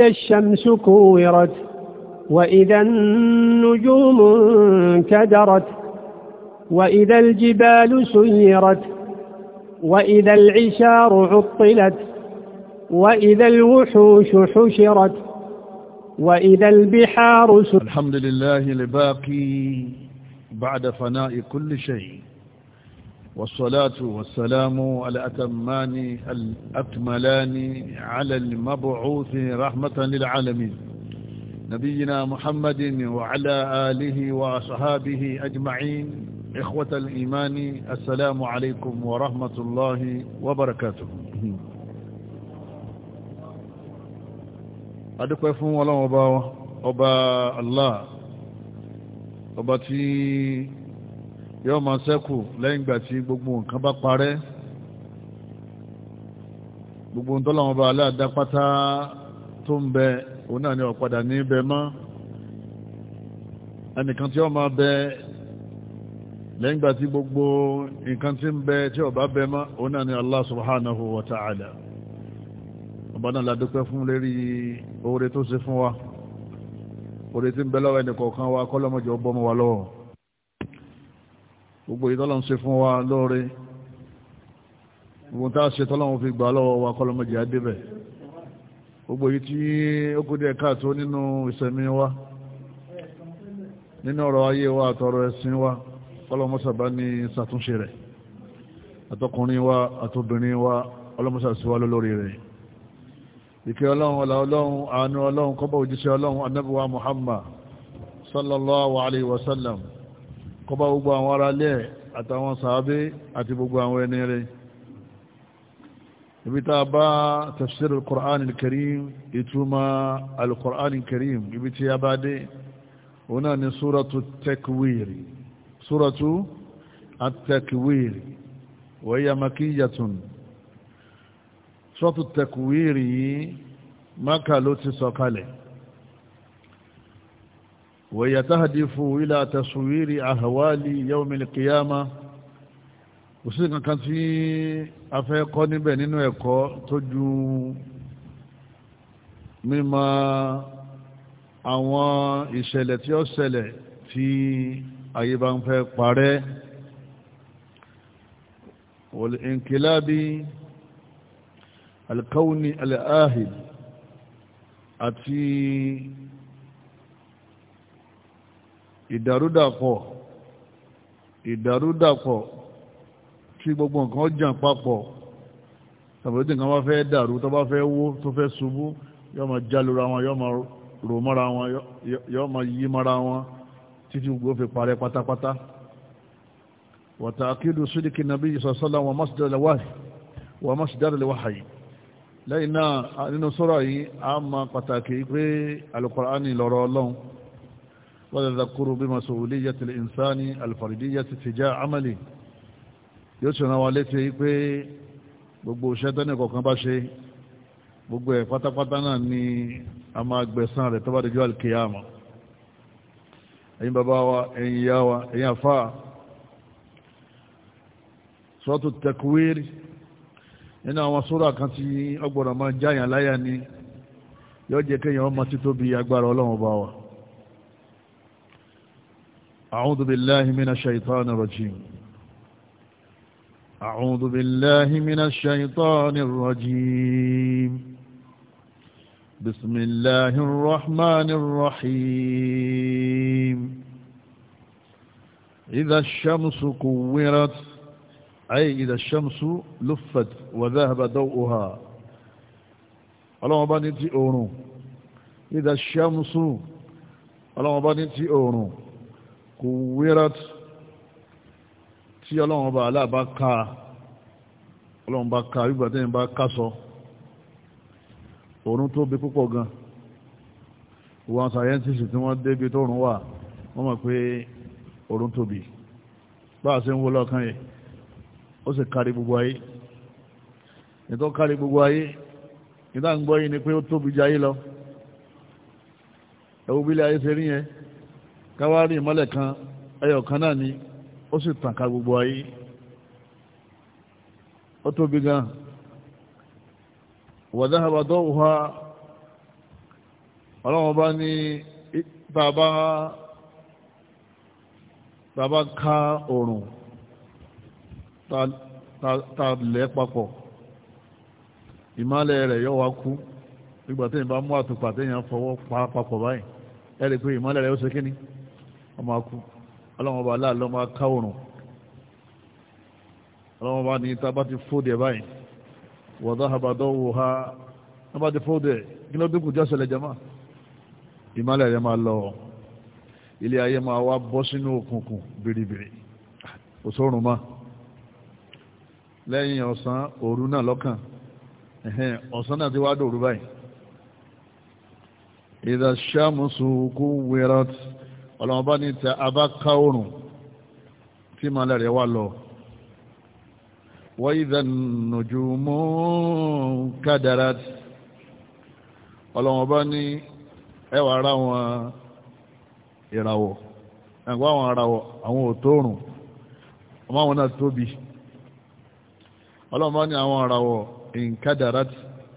إذا الشمس كورت وإذا النجوم انكدرت وإذا الجبال سيرت وإذا العشار عطلت وإذا الوحوش حشرت وإذا البحار سر الحمد لله لباقي بعد فناء كل شيء والصلاة والسلام الأتمان الأكملان على المبعوث رحمة للعالمين نبينا محمد وعلى آله وصحابه أجمعين إخوة الإيمان السلام عليكم ورحمة الله وبركاته adúpẹ́ fún ọlọ́run ọba ọba Allah ọba yóò máa ṣẹ́kù lẹ́yìn ìgbà tí gbogbo nǹkan bá parẹ́ gbogbo ń tọ́lọ́wọ́n bá aláàdá pátá tó ń bẹ òun náà ni ọ̀padà ní bẹ mọ́ gbogbo nǹkan tí ń bẹ tí bẹ mọ́ òun náà ni Allah subhanahu wa ta'ala ọba náà la fún lérí oore tó ṣe fún gbogbo ìtọ́lọ́n ṣe fún wa lóore gbogbo tá a ṣe tọ́lọ́n fi gbà lọ́wọ́ wa kọ́lọ́mọdé adébẹ̀ gbogbo yìí tí ó kú díẹ̀ káàtó nínú ìṣẹ̀mí wa nínú ọ̀rọ̀ ayé wa àtọ̀rọ̀ ẹ̀sìn wa kọ́lọ́mọsàbá ní ṣàtúnṣe rẹ̀ àtọkùnrin wa àtobìnrin wa ọlọ́mọsàṣíwá lólórí rẹ̀ ìkẹ́ ọlọ́run ọlọ́run àánú ọlọ́run kọ́bọ̀ kọba gbogbo àwọn ará lẹ́ àtàwọn sàábé àti gbogbo àwọn ẹni rẹ̀ ibi ta bá tafsir al-Qur'an al-Karim ìtumọ̀ al-Qur'an al-Karim ibi tí a bá dé ọ̀nà ni suratu takwiri suratu at-takwiri wa makiyatun suratu takwiri maka ló ti sọ̀kalẹ̀ وهي تهدف إلى تصوير أهوال يوم القيامة òsìkàn kan tí a fẹ́ kọ́ níbẹ̀ nínú ẹ̀kọ́ tó ju mímọ̀ àwọn ìṣẹ̀lẹ̀ tí ó ṣẹlẹ̀ tí ayé bá ń fẹ́ parẹ́ ìnkìlábí alkauni al'ahid àti ìdàrúdàpọ̀ ìdàrúdàpọ̀ tí gbogbo nǹkan jàn papọ̀ tàbí tí nǹkan bá fẹ́ dàrú tó bá fẹ́ wó tó fẹ́ ṣubú yọ máa jálura wọn yọ máa rò mara wọn yọ máa yí mara wọn títí gbogbo fi parẹ́ pátápátá wàtà akídu sídìkì nàbí wọn lẹ́yìn náà nínú sọ́rọ̀ yìí a máa pàtàkì pé Ọlọ́run وتذكر بمسؤولية الإنسان الفردية تجاه عمله yóò ṣe ràn wá létí pé gbogbo iṣẹ́ tẹ́nì kọ̀ọ̀kan bá ṣe gbogbo ẹ̀ pátápátá náà ni a máa gbẹ̀san rẹ̀ tó bá dojú àlùkìyàmọ̀ ẹ̀yin bàbá wa ẹ̀yin ìyá wa ẹ̀yin àfà sọ́tù tẹkuwéèrè nínú àwọn sóra kan tí ọgbọ̀nà máa jáyàn láyà ni yóò jẹ́ kéèyàn ọmọ títóbi agbára ọlọ́run bá wa. أعوذ بالله من الشيطان الرجيم أعوذ بالله من الشيطان الرجيم بسم الله الرحمن الرحيم إذا الشمس كورت أي إذا الشمس لفت وذهب ضوءها الله أبني تي إذا الشمس الله أبني تي kò wírat tí ọlọ́run bá aláàbá ká ọlọ́run bá ká wígbà tẹ́yìn bá ká sọ òórùn tó bí púpọ̀ gan wọn sàyẹ́ntìsì tí wọ́n débi tó rùn wà wọ́n mọ̀ pé òórùn tóbi bá a ṣe ń wo lọ́kàn yìí ó sì kárí gbogbo ayé ìtọ́ kárí gbogbo ayé ìdá ń gbọ́ yìí ni pé ó tóbi jayé lọ ẹ̀wù bílẹ̀ ayé ṣe rí yẹn káwárí ìmọ́lẹ̀ kan ẹyọ kan náà ni ó sì tàn ká gbogbo ayé ó tóbi gan wàdáhàbà dọ́wọ́ha ọlọ́wọ́n bá ní bàbá bàbá ká òrùn ta lẹ́ papọ̀ ìmọ́lẹ̀ rẹ̀ yọ wá kú nígbà tí ìbá mú àtùpà téèyàn fọwọ́ pa papọ̀ báyìí ẹ rí i pé ìmọ́lẹ̀ rẹ̀ ó ṣe kíni ọmọ akú ọlọ́wọ́n bá aláàlọ́ máa ká òrùn ọlọ́wọ́n bá ní tá bá ti fóde báyìí wọ̀dá àbàdọ́ wò ha tá bá ti fóde kí ló dínkù jọ́ ṣẹlẹ̀ jama ìmálẹ̀ rẹ̀ máa lọ ilé ayé máa wá bọ́ sínú òkùnkùn bìrìbìrì òṣòrùn máa lẹ́yìn ọ̀sán òru náà lọ́kàn ọ̀sán náà ti wá dòru báyìí ìdàṣàmùsùn kú wẹ́rọ̀tì ọlọ́wọ́n bá ní tẹ abáká oòrùn tí màá lẹ́rẹ̀ wá lọ wa idha nujumu kadarat ọlọ́wọ́n bá ní ẹwà ara wọn ìràwọ̀ ẹ̀gbọ́n àwọn arawọ̀ àwọn òtóòrùn ọmọ àwọn náà tóbi ọlọ́wọ́n bá ní àwọn arawọ̀ ìǹkadarat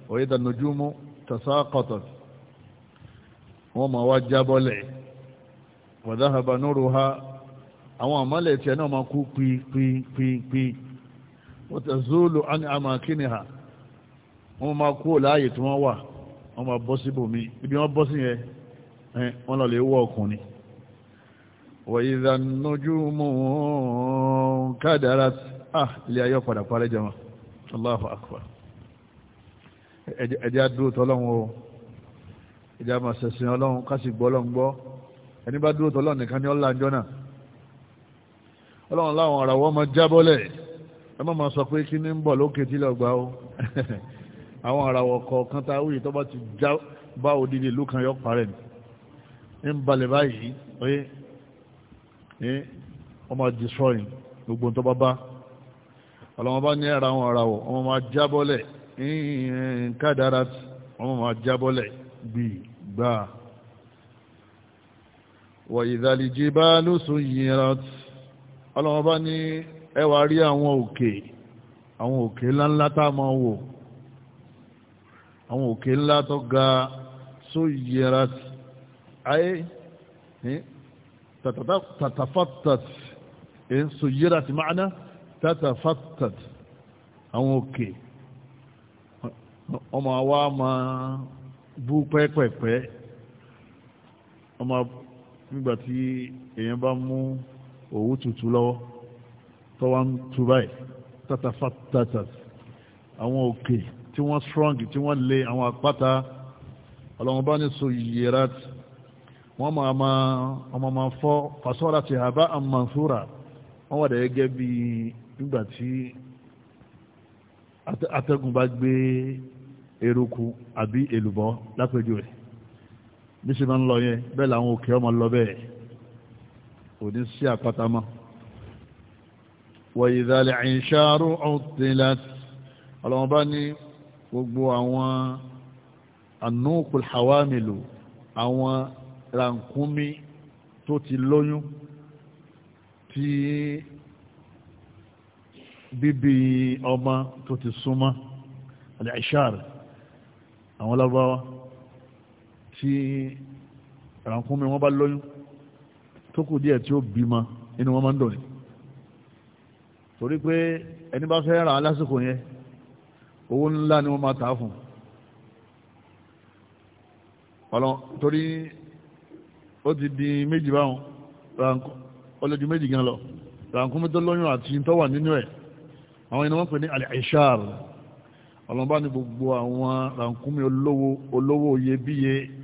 wa idha nujumu tasaqatat wọ́n ma wá jábọ́lẹ̀ wàdáhàbà nóòrò ha àwọn àmọ́lẹ̀ tiẹ̀ náà máa kú pípípípí wọ́n tẹ̀ zóòlù àni àmàkíni ha wọ́n máa kú láàyè tí wọ́n wà wọ́n máa bọ́ síbòmí ibi wọ́n bọ́ sí yẹn wọ́n lọ lè wọ́ ọkùnrin wàyíza nójú mú kádàrá ah ilé ayé padà parẹ́ ẹni bá dúró tọ́lọ́ nìkan ni ọ̀la ńjọ́ náà ọlọ́run láwọn ara wọ́n máa jábọ́lẹ̀ ẹ má máa sọ pé kí ní ń bọ̀ lókè tí lọ́gbà ó àwọn ara wọ̀ kọ̀ọ̀kan tá a wúyè tó bá ti já bá òdìdí ìlú kan yọ parẹ́ ní ń balẹ̀ báyìí oyé wọ́n máa destroying gbogbo tó bá bá ọlọ́run bá ní ara àwọn ara wọ̀ wọ́n máa jábọ́lẹ̀ kádàrà wọ́n máa jábọ́lẹ̀ gbì wà ìdàlìjì bá lóṣù yìnyínra ọlọ́wọ́n bá ní ẹwà rí àwọn òkè àwọn òkè ńláńlá tá a máa wò àwọn òkè ńlá tó ga só yìnyínra ayé tatafatat èyí sọ yìnyínra ti máa ná àwọn òkè ọmọ àwa máa bú pẹ́pẹ́pẹ́ ọmọ nígbà tí èèyàn bá mú òwú tutù lọ́wọ́ tó wá ń tu báyìí tatafa tatas àwọn òkè tí wọ́n strong tí wọ́n lé àwọn àpáta ọlọ́run bá ní so yìíra wọ́n máa ma ọmọ máa fọ́ fasọ́ra ti àbá àmàfúra wọ́n wà dẹ̀ gẹ́gẹ́ bí nígbà atẹ́gùn bá gbé eruku àbí èlùbọ́ lápẹjù rẹ̀ bí ṣe máa ń lọ yẹn bẹ́ẹ̀ làwọn òkè ọmọ lọ bẹ́ẹ̀ kò ní sí àpáta mọ́. wọ̀nyí ìdálẹ̀ ìṣàrò ọ̀tẹ̀lẹ̀ ọlọ́mọba ní gbogbo àwọn anúkùl hawamilu àwọn rànkúnmí tó ti lóyún tí bíbí ọmọ tó ti súnmọ́ àlẹ́ ìṣàrò àwọn lábáwá tí ràkúnmí wọn bá lóyún tó kù díẹ̀ tí ó bímọ inú wọn máa ń dùn ní torí pé ẹni bá fẹ́ rà lásìkò yẹn owó ńlá ni wọ́n máa tà á fún ọlọ́n torí ó ti di méjì báwọn ọlọ́dún méjì gan lọ ràkúnmí tó lóyún àti tó wà nínú ẹ̀ àwọn ẹni wọ́n pè ní alẹ́ṣáàrù ọlọ́mbá ní gbogbo àwọn ràkúnmí olówó olówó iyebíye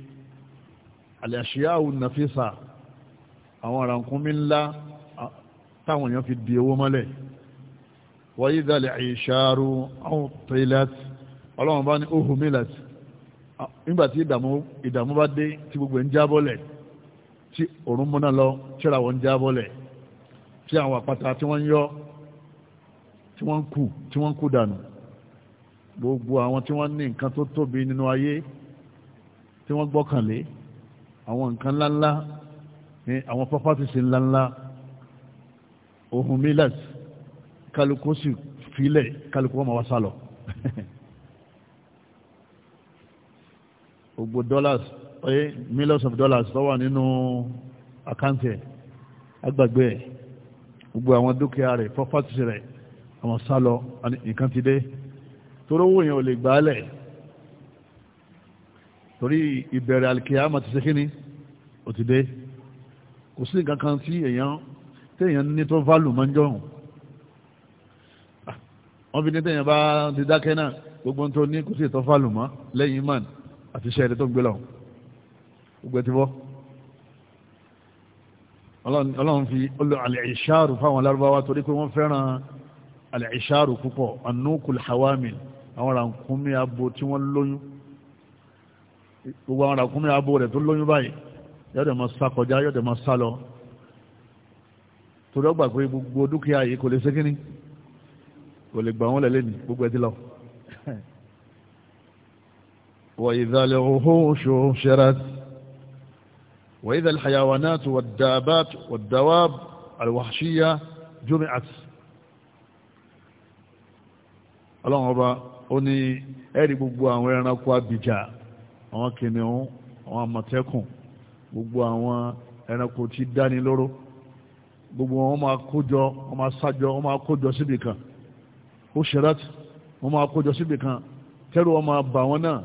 àlẹ́ṣíyáwó nàfíìsà àwọn àràǹkúnmí ńlá táwọn èèyàn fi di owó mọ́lẹ̀ wáyé ìdálẹ̀ ìṣàrò àwọn tẹ́lẹ̀t ọlọ́run bá ní ohu milat nígbàtí ìdààmú bá dé tí gbogbo ẹ̀ ń jábọ́lẹ̀ tí òrùn múná lọ tíra wọn ń jábọ́lẹ̀ tí àwọn àpáta tí wọ́n yọ tí wọ́n ń tí wọ́n ń dànù gbogbo àwọn tí wọ́n ní nǹkan tó tóbi nínú ayé tí wọ́n gbọ́kànlé àwọn nǹkan ńláńlá ní àwọn pápátìsì ńláńlá ohun millet kálukú sì filẹ̀ kálukú wọn máa sálọ gbogbo dollars oye millions of dollars tó wà nínú àkáǹtì ẹ̀ agbàgbé ẹ̀ gbogbo àwọn dúkìá rẹ̀ pápátìsì rẹ̀ àwọn sálọ nǹkan ti dé torówó yẹn ò lè gbálẹ̀ torí ìbẹ̀rẹ̀ alkiyama ti sékíní ò ti dé kò sí nǹkan kan tí èèyàn téèyàn ní tó válù máa ń jọrùn wọ́n fi ní téèyàn bá ti dákẹ́ náà gbogbo tó ní kò sí ìtọ́ válù mọ́ lẹ́yìn imán àti iṣẹ́ ẹ̀rẹ́ tó ń gbé lọ́hùn gbogbo ẹ̀ ti bọ́ ọlọ́run fi olú fáwọn alárúbáwá torí pé wọ́n fẹ́ràn àlẹ́ìṣáàrù púpọ̀ anúkùl hawamil àwọn ràǹkúnmí abo tí wọ́n lóyún gbogbo àwọn àkúnmí abo rẹ̀ tó lóyún báyìí yọ́dẹ̀ mọ́ sá kọjá yọ́dẹ̀ mọ́ sá lọ torí ọgbà pé gbogbo dúkìá yìí kò lè ṣe kíní kò lè gbà wọ́n lẹ̀ lẹ́nu gbogbo ẹ̀ ti lọ. wa idha al-wuhushu hushirat wa idha al-hayawanat wad-dabat wad-dawab al-wahshiyya jumi'at. ọlọ́run ọba ó ní ẹ̀rí gbogbo àwọn ẹranko abìjà àwọn kìnìún àwọn àmọ̀tẹ́kùn gbogbo àwọn ẹranko tí dáni lóró gbogbo wọn máa kójọ wọn máa sájọ wọn máa kójọ síbì kan ó ṣẹlẹ́tì wọn máa kójọ síbì kan tẹ́rù wọn máa bà wọn náà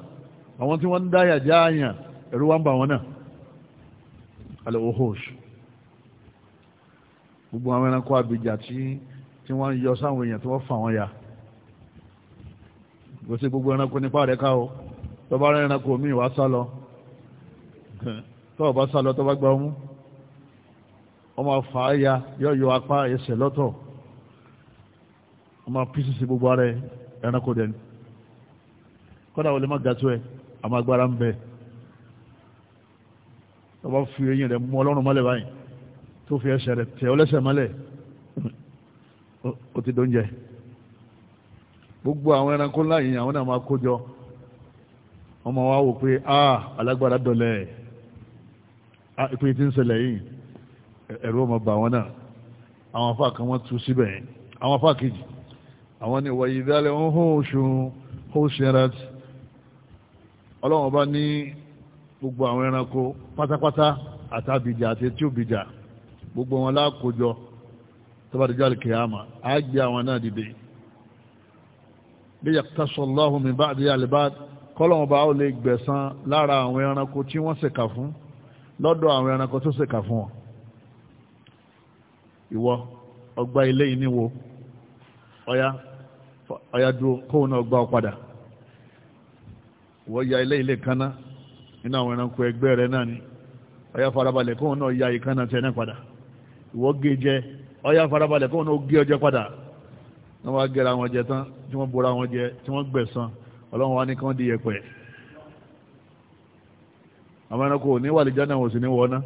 àwọn tí wọ́n ń dáyà já àyàn ẹ̀rù wọn bà wọn náà alẹ́ ohosh gbogbo àwọn ẹranko àbìjà tí tí wọ́n ń yọ sáwọn èèyàn tí wọ́n fà wọn ya gbèsè gbogbo ẹranko nípa rẹ̀ ká tó bá rẹ́ran kò mí wá sálọ tó bá sálọ tó bá gba ọmú ọmọ fà á ya yóò yọ apá ẹsẹ̀ lọ́tọ̀ ọmọ pcc gbogbo ara ẹ ẹran kò dẹni kọ́dà wọlé má gàtú ẹ àmọ́ agbára ń bẹ tó bá fi eyín rẹ̀ mú ọlọ́run mọ́lẹ̀ báyìí tó fi ẹsẹ̀ rẹ̀ tẹ̀ ọlẹ́sẹ̀ mọ́lẹ̀ ó ti dóúnjẹ gbogbo àwọn ẹranko ńlá yìí àwọn náà máa kó jọ wọ́n máa wá wò pé ah alágbára dọ̀lẹ́ ah ìpè tí ń ṣẹlẹ̀ yìí ẹ̀rù ọmọ bà wọn náà àwọn afá kan wọ́n tú síbẹ̀ yẹn àwọn afá kejì àwọn ni wọ̀nyí dálẹ̀ ń hó oṣù hó ṣẹ́rat ọlọ́run ọba ní gbogbo àwọn ẹranko pátápátá àtàbìjà àti etí òbìjà gbogbo wọn lákòjọ tó bá dìjọ́ àlìkìyàmà á gbé àwọn náà dìde bí yàtọ̀ sọ̀lọ́hùn mi bá àdéhà lè bá kọ́lọ̀mọba ó lè gbẹsan lára àwọn ẹranko tí wọ́n ṣèkà fún lọ́dọ̀ àwọn ẹranko tó ṣèkà fún ìwọ ọgbà ilé yìí níwo ọya ọya dúró náà gbà ọ padà ìwọ ya ilé ilé kaná nínú àwọn ẹranko ẹgbẹ́ rẹ náà ni ọya farabalẹ̀ náà ya ìkànnà e ọya farabalẹ̀ náà gé padà wá jẹ tán tí bora jẹ tí ọlọ́run wa ní kán di yẹpẹ̀ àwọn ẹranko ò ní wà lè jáde àwọn òsì ní wọ́ná.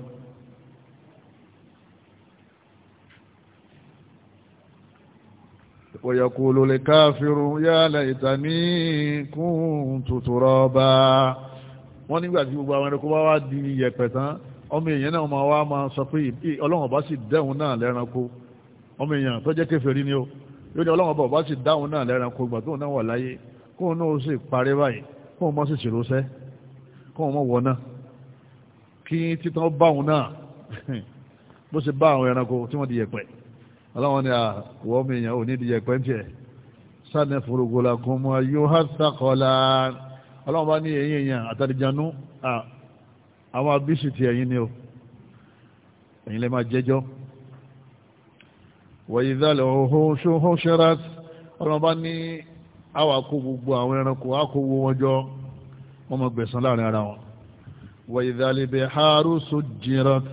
ويقول الكافر يا ليتني كنت ترابا wọ́n nígbà tí gbogbo àwọn ẹranko bá wá di yẹ̀pẹ̀ tán ọmọ èèyàn náà máa wá máa sọ pé ọlọ́run bá sì dẹ́hùn náà lẹ́ranko ọmọ èèyàn tó jẹ́ kèfèrí ni ó yóò ní ọlọ́run bá sì dáhùn náà lẹ́ranko ìgbà tóun náà wà láyé kóun náà ó sì parí báyìí kóun mọ́ sì ṣèròṣẹ́ kóun mọ́ wọ̀ náà kí títàn bá òun náà bó ṣe bá àwọn ẹranko tí wọ́n di yẹ̀pẹ̀ aláwọn ni àwọn ọmọ èèyàn ò ní di yẹ̀pẹ̀ ń tiẹ̀ sáàdì fúrugò làkún mọ́ yóò há sàkọ́lá aláwọn bá ní èyí èèyàn àtàdìjanú àwọn abíṣì ti ẹ̀yìn ni o ẹ̀yìn lè máa jẹ́jọ́ wọ̀nyí dálẹ̀ ọ̀hún ṣó a wà kó gbogbo àwọn ẹranko a kó wọn jọ wọ́n mọ̀ gbẹ̀sán láàrin ara wọn wà ìdálẹ́bẹ̀ haaru so jirat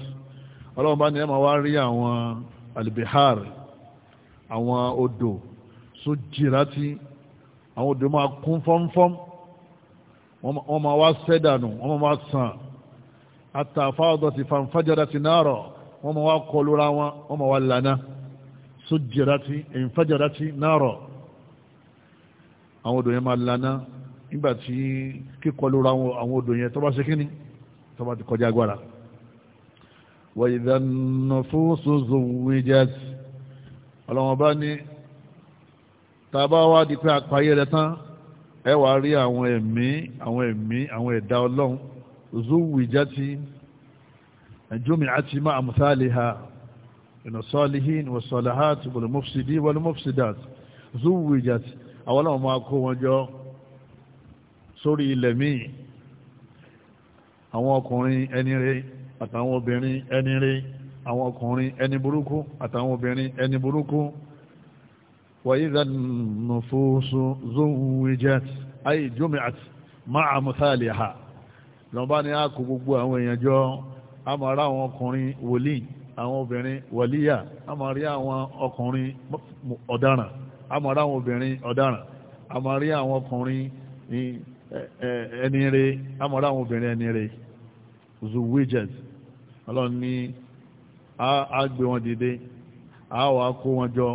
ọlọ́run bá ní ẹ̀ máa wá rí àwọn alibihar àwọn odò so jirati àwọn odò máa kún fọ́nfọ́n wọ́n máa wá sẹ́dànù wọ́n máa sàn àtàfáàdọ̀ ti fanfájára ti náàrọ̀ wọ́n máa wá kọlura wọn wọ́n máa wá lana so jirati ìfájára ti náàrọ̀ àwọn odò yẹn máa lana nígbà tí kíkọlù ra àwọn odò yẹn tó bá ṣe kíní tó bá ti kọjá agbára wa idha an-nufusu zuwwijat ọlọ́wọ́n bá ní tàbá wá di pé àpáyé rẹ̀ tán ẹ wà rí àwọn ẹ̀mí àwọn ẹ̀mí àwọn ẹ̀dá ọlọ́run zuwwijati jumi'ati ma'a amthaliha inú salihin wa salahat wal mufsidi wal mufsidat zuwwijati àwọn náà máa kó wọn jọ sórí ilẹ̀ míì àwọn ọkùnrin ẹni rẹ̀ àtàwọn obìnrin ẹni rẹ̀ àwọn ọkùnrin ẹni burúkú àtàwọn obìnrin ẹni burúkú wàyí ìdánù fóòsù zúnwíjẹ́t ayé jùmíàt máa mùsáàlì ha lọ́nbá ni a kò gbogbo àwọn èèyàn jọ a máa rá àwọn ọkùnrin wòlíì àwọn obìnrin wàlíyà a máa rí àwọn ọkùnrin ọ̀daràn a máa rí àwọn obìnrin ọ̀daràn a máa rí àwọn ọkùnrin ẹni rẹ̀ a máa rí àwọn obìnrin ẹni rẹ̀ zuwijaz ọlọ́run ní a gbé wọn dìde a wà kó wọn jọ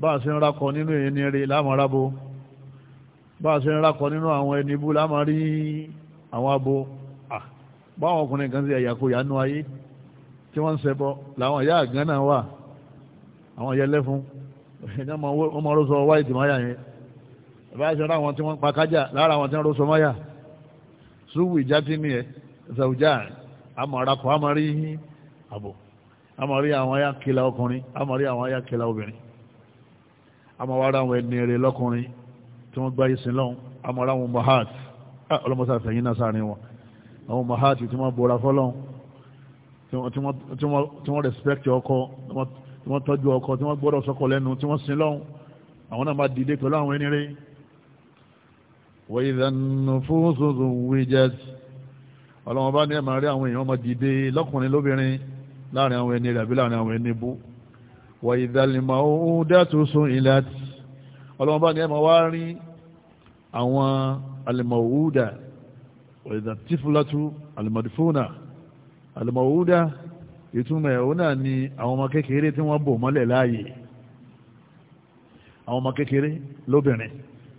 bá a ṣe ń rakọ nínú ẹni rẹ̀ lámàrábó bá a ṣe ń rakọ nínú àwọn ẹni bú lámàrí àwọn abo báwọn ọkùnrin kan sí ẹ̀yàkóyà nú ayé tí wọ́n ń ṣẹbọ làwọn ìyá àgán náà wà àwọn yẹlẹ́fún ẹ̀yìn wọ́n máa rọ́sọ wáìtì máyà yẹn ìbáṣẹ́ rá àwọn tí wọ́n pa kájà lára àwọn tí wọ́n rọ́sọ máyà ṣúwù ìjà tí ní ẹ̀ ṣàwùjá àmọ̀rakọ̀ àmọ̀rí àbò àmọ̀rí àwọn ayákẹ́lá ọkùnrin àmọ̀rí àwọn ayákẹ́lá obìnrin àmọ̀wárá àwọn ẹni rẹ̀ lọ́kùnrin tí wọ́n gbá ìsìn lọ́hùn àmọ̀rá àwọn mahat ọlọ́mọsá fẹ̀yìn náà sáàrin wọn àwọn mahat tí wọ́n bọ̀ra fọ́lọ́hùn tí wọ́n respect ọkọ tí wọ́n tọ́jú ọkọ tí wọ́n gbọ́dọ̀ sọ́kọ lẹ́nu tí wọ́n sin lọ́hùn àwọn náà máa dìde pẹ̀lú àwọn ẹni rẹ̀ wọ́n ìdánù fún sọ́sọ́ wíjẹ́t ọlọ́wọ́n bá ní ẹ̀ máa rí àwọn èèyàn máa dìde lọ́kùnrin lóbìnrin láàrin àwọn ẹni àbí láàrin àwọn ẹni bú wọ́n ìdánimọ̀ ó dẹ́tù sún ilẹ̀ ọlọ́wọ́n bá ní ẹ̀ máa wá rí àwọn alimọ̀wúdà ìtumọ̀ ẹ̀ náà ni àwọn ọmọ kékeré tí wọ́n bò mọ́lẹ̀ láàyè àwọn ọmọ kékeré lóbìnrin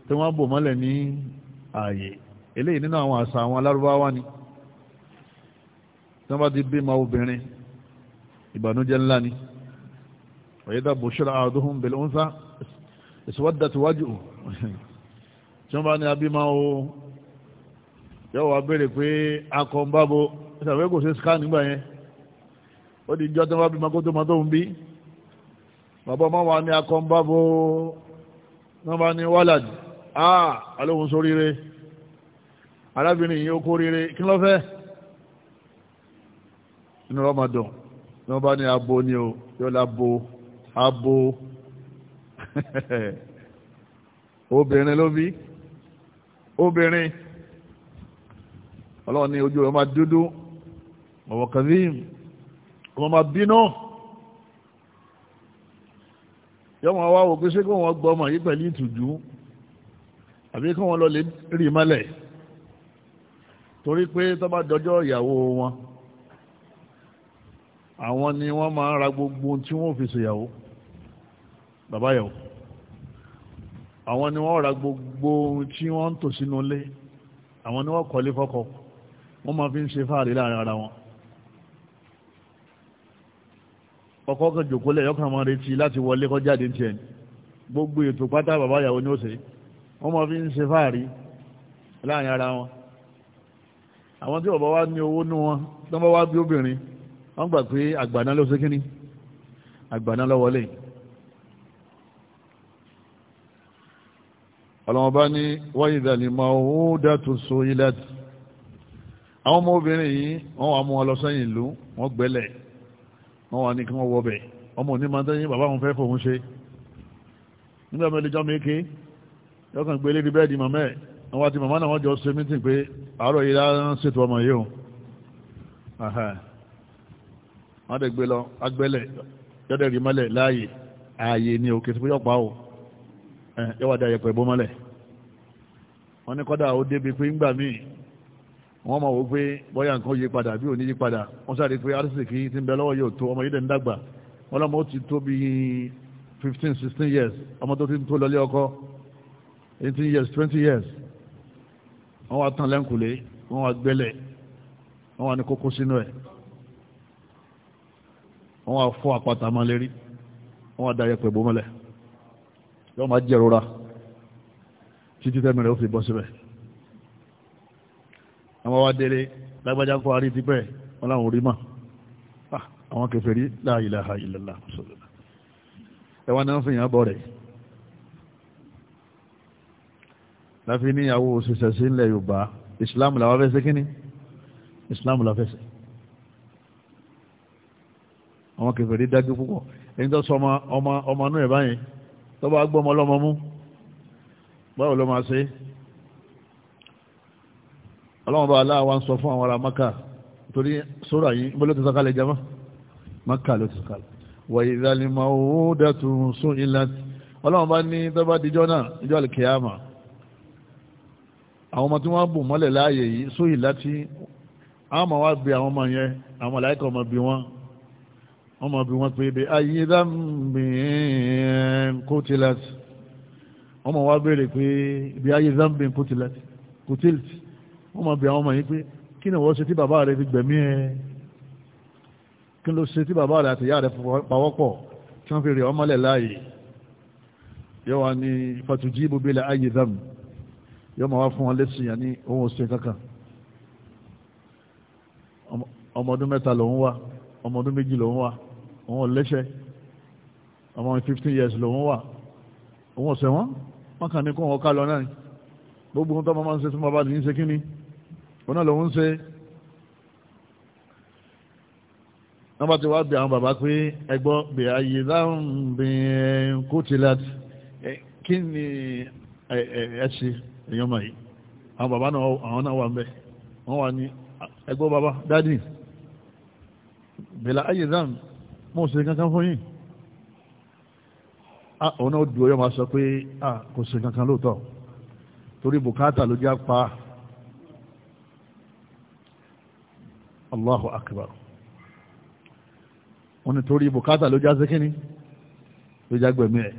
tí wọ́n bò mọ́lẹ̀ ní ààyè eléyìí nínú àwọn àṣà àwọn alárúbáwá ni tí wọ́n bá ti bímọ obìnrin ìbànújẹ́ ńlá ni ọ̀yẹ́dà bushira ahaduhum bil unsa iswaddat wajhuhu tí wọ́n bá ní abímọ o yóò wá béèrè pé akọ̀ ń bábo ìṣàfẹ́ kò ṣe scan nígbà yẹn ó di jọ́ tó wá bí mako tó ma tó ń bí bàbá ọmọ wa ní akọ ń bá bó wọ́n bá ní wálàdì áà alóhun só arábìnrin yìí kó ríre kí ló fẹ́ inú ramadan ní wọ́n bá ní abo ni o yóò lábo abo obìnrin ló bí obìnrin ọlọ́run ní ojú rẹ̀ máa dúdú ọ̀wọ̀ kàdíìmù ọmọ máa bínú yọmọ wa wò pé ṣé kí wọ́n gbọ́ ọmọ yìí pẹ̀lú ìtùjú àbí kí wọ́n lọ lè rí mọ́lẹ̀ torí pé tó bá dọjọ́ ìyàwó wọn àwọn ni wọ́n máa ń ra gbogbo tí wọ́n fi ṣèyàwó bàbá yàwó àwọn ni wọ́n ra gbogbo tí wọ́n ń tò sínú ilé àwọn ni wọ́n kọ́lé fọ́kọ wọ́n máa fi ń ṣe fáàrí láàrin ara wọn ọkọ kan jòkó lẹ̀ yọkàn máa retí láti wọlé kó jáde ní tiẹ̀ gbogbo ètò pátá bàbá ìyàwó ni ó ṣe wọ́n máa fi ń ṣe fáàrí láàrin ara wọn àwọn tí bàbá wa ní owó nú wọn tí wọ́n bá wá bí obìnrin wọ́n gbà pé àgbàná ló ṣe kíní àgbàná ló wọlé ọlọ́wọ́n bá ní wáyé ìdàlímọ̀ owó dàtò so ilẹ̀ àwọn ọmọ obìnrin yìí wọ́n wà mú wọn lọ sẹ́yìn ìlú wọ́n gbẹ́lẹ̀ wọ́n wà ní kí wọ́n wọ bẹ̀ ọmọ òní máa ń tẹ́yìn bàbá òun fẹ́ fòun ṣe nígbà mẹ́lẹ̀ jọ́ méke yọkàn gbé lédi bẹ́ẹ̀ di màmá ẹ̀ wọ́n àti màmá náà wọ́n jọ ṣe mítìn pé àárọ̀ yìí lára ń ṣètò ọmọ yìí o wọ́n dẹ̀ gbé lọ agbẹ́lẹ̀ yọ́dẹ̀ rí mọ́lẹ̀ láàyè ààyè ni òkè tó yọ̀pá o yọ́wọ́ dá yẹpẹ̀ bó mọ́lẹ̀ wọ́n ní kọ́dà ó débi pé ńgbà míì wọ́n ma wò pé bóyá nǹkan yí padà bí ò ní yí padà wọ́n sáré pé arísìkí ti ń bẹ lọ́wọ́ yóò tó ọmọ yìí dẹ̀ ń dàgbà wọ́n lọ́mọ ti tó bí fifteen sixteen years ọmọ tó ti ń tó lọlé ọkọ eighteen years twenty years wọ́n wá tán lẹ́ǹkùlé wọ́n wá gbẹ́lẹ̀ wọ́n wá ní kókó sínú ẹ̀ wọ́n wá fọ́ àpáta máa lérí wọ́n wá da yẹpẹ̀ bó yọ́n máa jẹ́rora títí tẹ́mi ó fi bọ́ síbẹ̀ àwọn wá délé lágbájá kọ́ àrí ti bẹ́ẹ̀ wọ́n láwọn orí mà ah, àwọn kèfèrí la ilaha illallah ẹwà náà fi yàn bọ̀ rẹ̀ láfi níyàwó òṣìṣẹ́ sí ilẹ̀ Yorùbá Islam làwọn fẹ́ sí Islam làwọn fẹ́ sí àwọn kèfèrí dájú púpọ̀ ẹni tó sọ ọmọ ọmọ ọmọ náà ẹ̀ báyìí tó bá gbọ́ ọmọ ọlọ́mọ mú báwo ló máa ṣe é ọlọ́wọ́n bá aláwa ń sọ fún àwọn ará maka torí sóra yìí bó ló ti sọ́kalẹ̀ jama maka ló ti sọ́kalẹ̀ wà ìdálẹ́mọ̀ owó dẹ̀tù sún ilẹ̀ ọlọ́wọ́n bá ní tọ́ba dijọ́ náà ijọ́ alìkèyàmà àwọn ọmọ tí wọ́n bù mọ́lẹ̀ láàyè yìí sún ìlà tí àwọn ọmọ wa bí pé bí ayé dámbì kótìlẹ̀tì wọ́n máa bí àwọn ọmọ yìí pé kí ni wọ́n ṣe tí bàbá rẹ̀ fi gbẹ̀mí ẹ̀ kí ló ṣe tí bàbá rẹ̀ àti ìyá rẹ̀ pawọ́pọ̀ tí wọ́n fi rẹ̀ ọmọlẹ̀ láàyè yóò wá ní fàtújì ibùgbé la ayé dàm wá fún wọn lẹ́sìn yẹn ní ohun ọ̀sẹ̀ kankan ọmọ mẹ́ta lòun wá ọmọ méjì lòun wá òun ọ̀lẹ́ṣẹ̀ ọmọ fifteen years lòun wá òun ọ̀sẹ̀ wọn wọn kàn ní kó wọn ká lọ náà gbogbo ohun tó máa ń ṣe fún bàbá nìyí ṣe kí ni. O náà lòun ṣe bá ti wá bí àwọn bàbá pé ẹgbọ́ bí ayé láwọn bìnrin kó ti láti kí ni ẹ̀ṣì èèyàn mọ̀ yìí àwọn bàbá náà àwọn náà wà ń wà ní bàbá dádì ayé kankan fún yìí ah, òun náà dùn ọyọ́ máa sọ pé ah, kò kankan torí bùkátà ló Allahu akbar wọ́n ní torí bùkátà ló já sékíní ló já gbẹ̀mí ẹ̀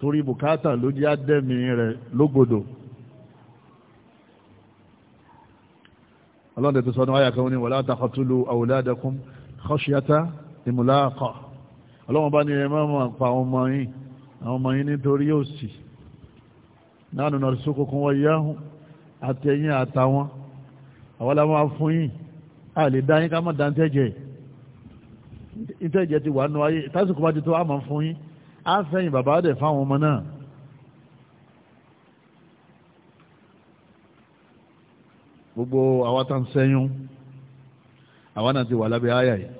torí bùkátà ló já dẹ́mi rẹ̀ lógbòdò ọlọ́dẹ̀ tó sọ́nà ayà kan ní wala taqtulu awladakum khashyata imlaqa ọlọ́wọ́n bá ní ẹ máa ma pa ọmọ yín àwọn ọmọ yín nítorí yóò sì nánú nàrí sókòkun wọ́n yáhùn àtẹ̀yìn àtàwọn àwọn làwọn afún yìí a lè dá yín ká má dá ntẹ́jẹ̀ ntẹ́jẹ̀ ti wà nù ayé tásìkò bá ti tó àmọ́ fún yín á fẹ́yìn bàbá dẹ̀ fáwọn ọmọ náà. gbogbo àwa tá ń sẹ́yún àwa náà ti wà lábẹ́ àyà yìí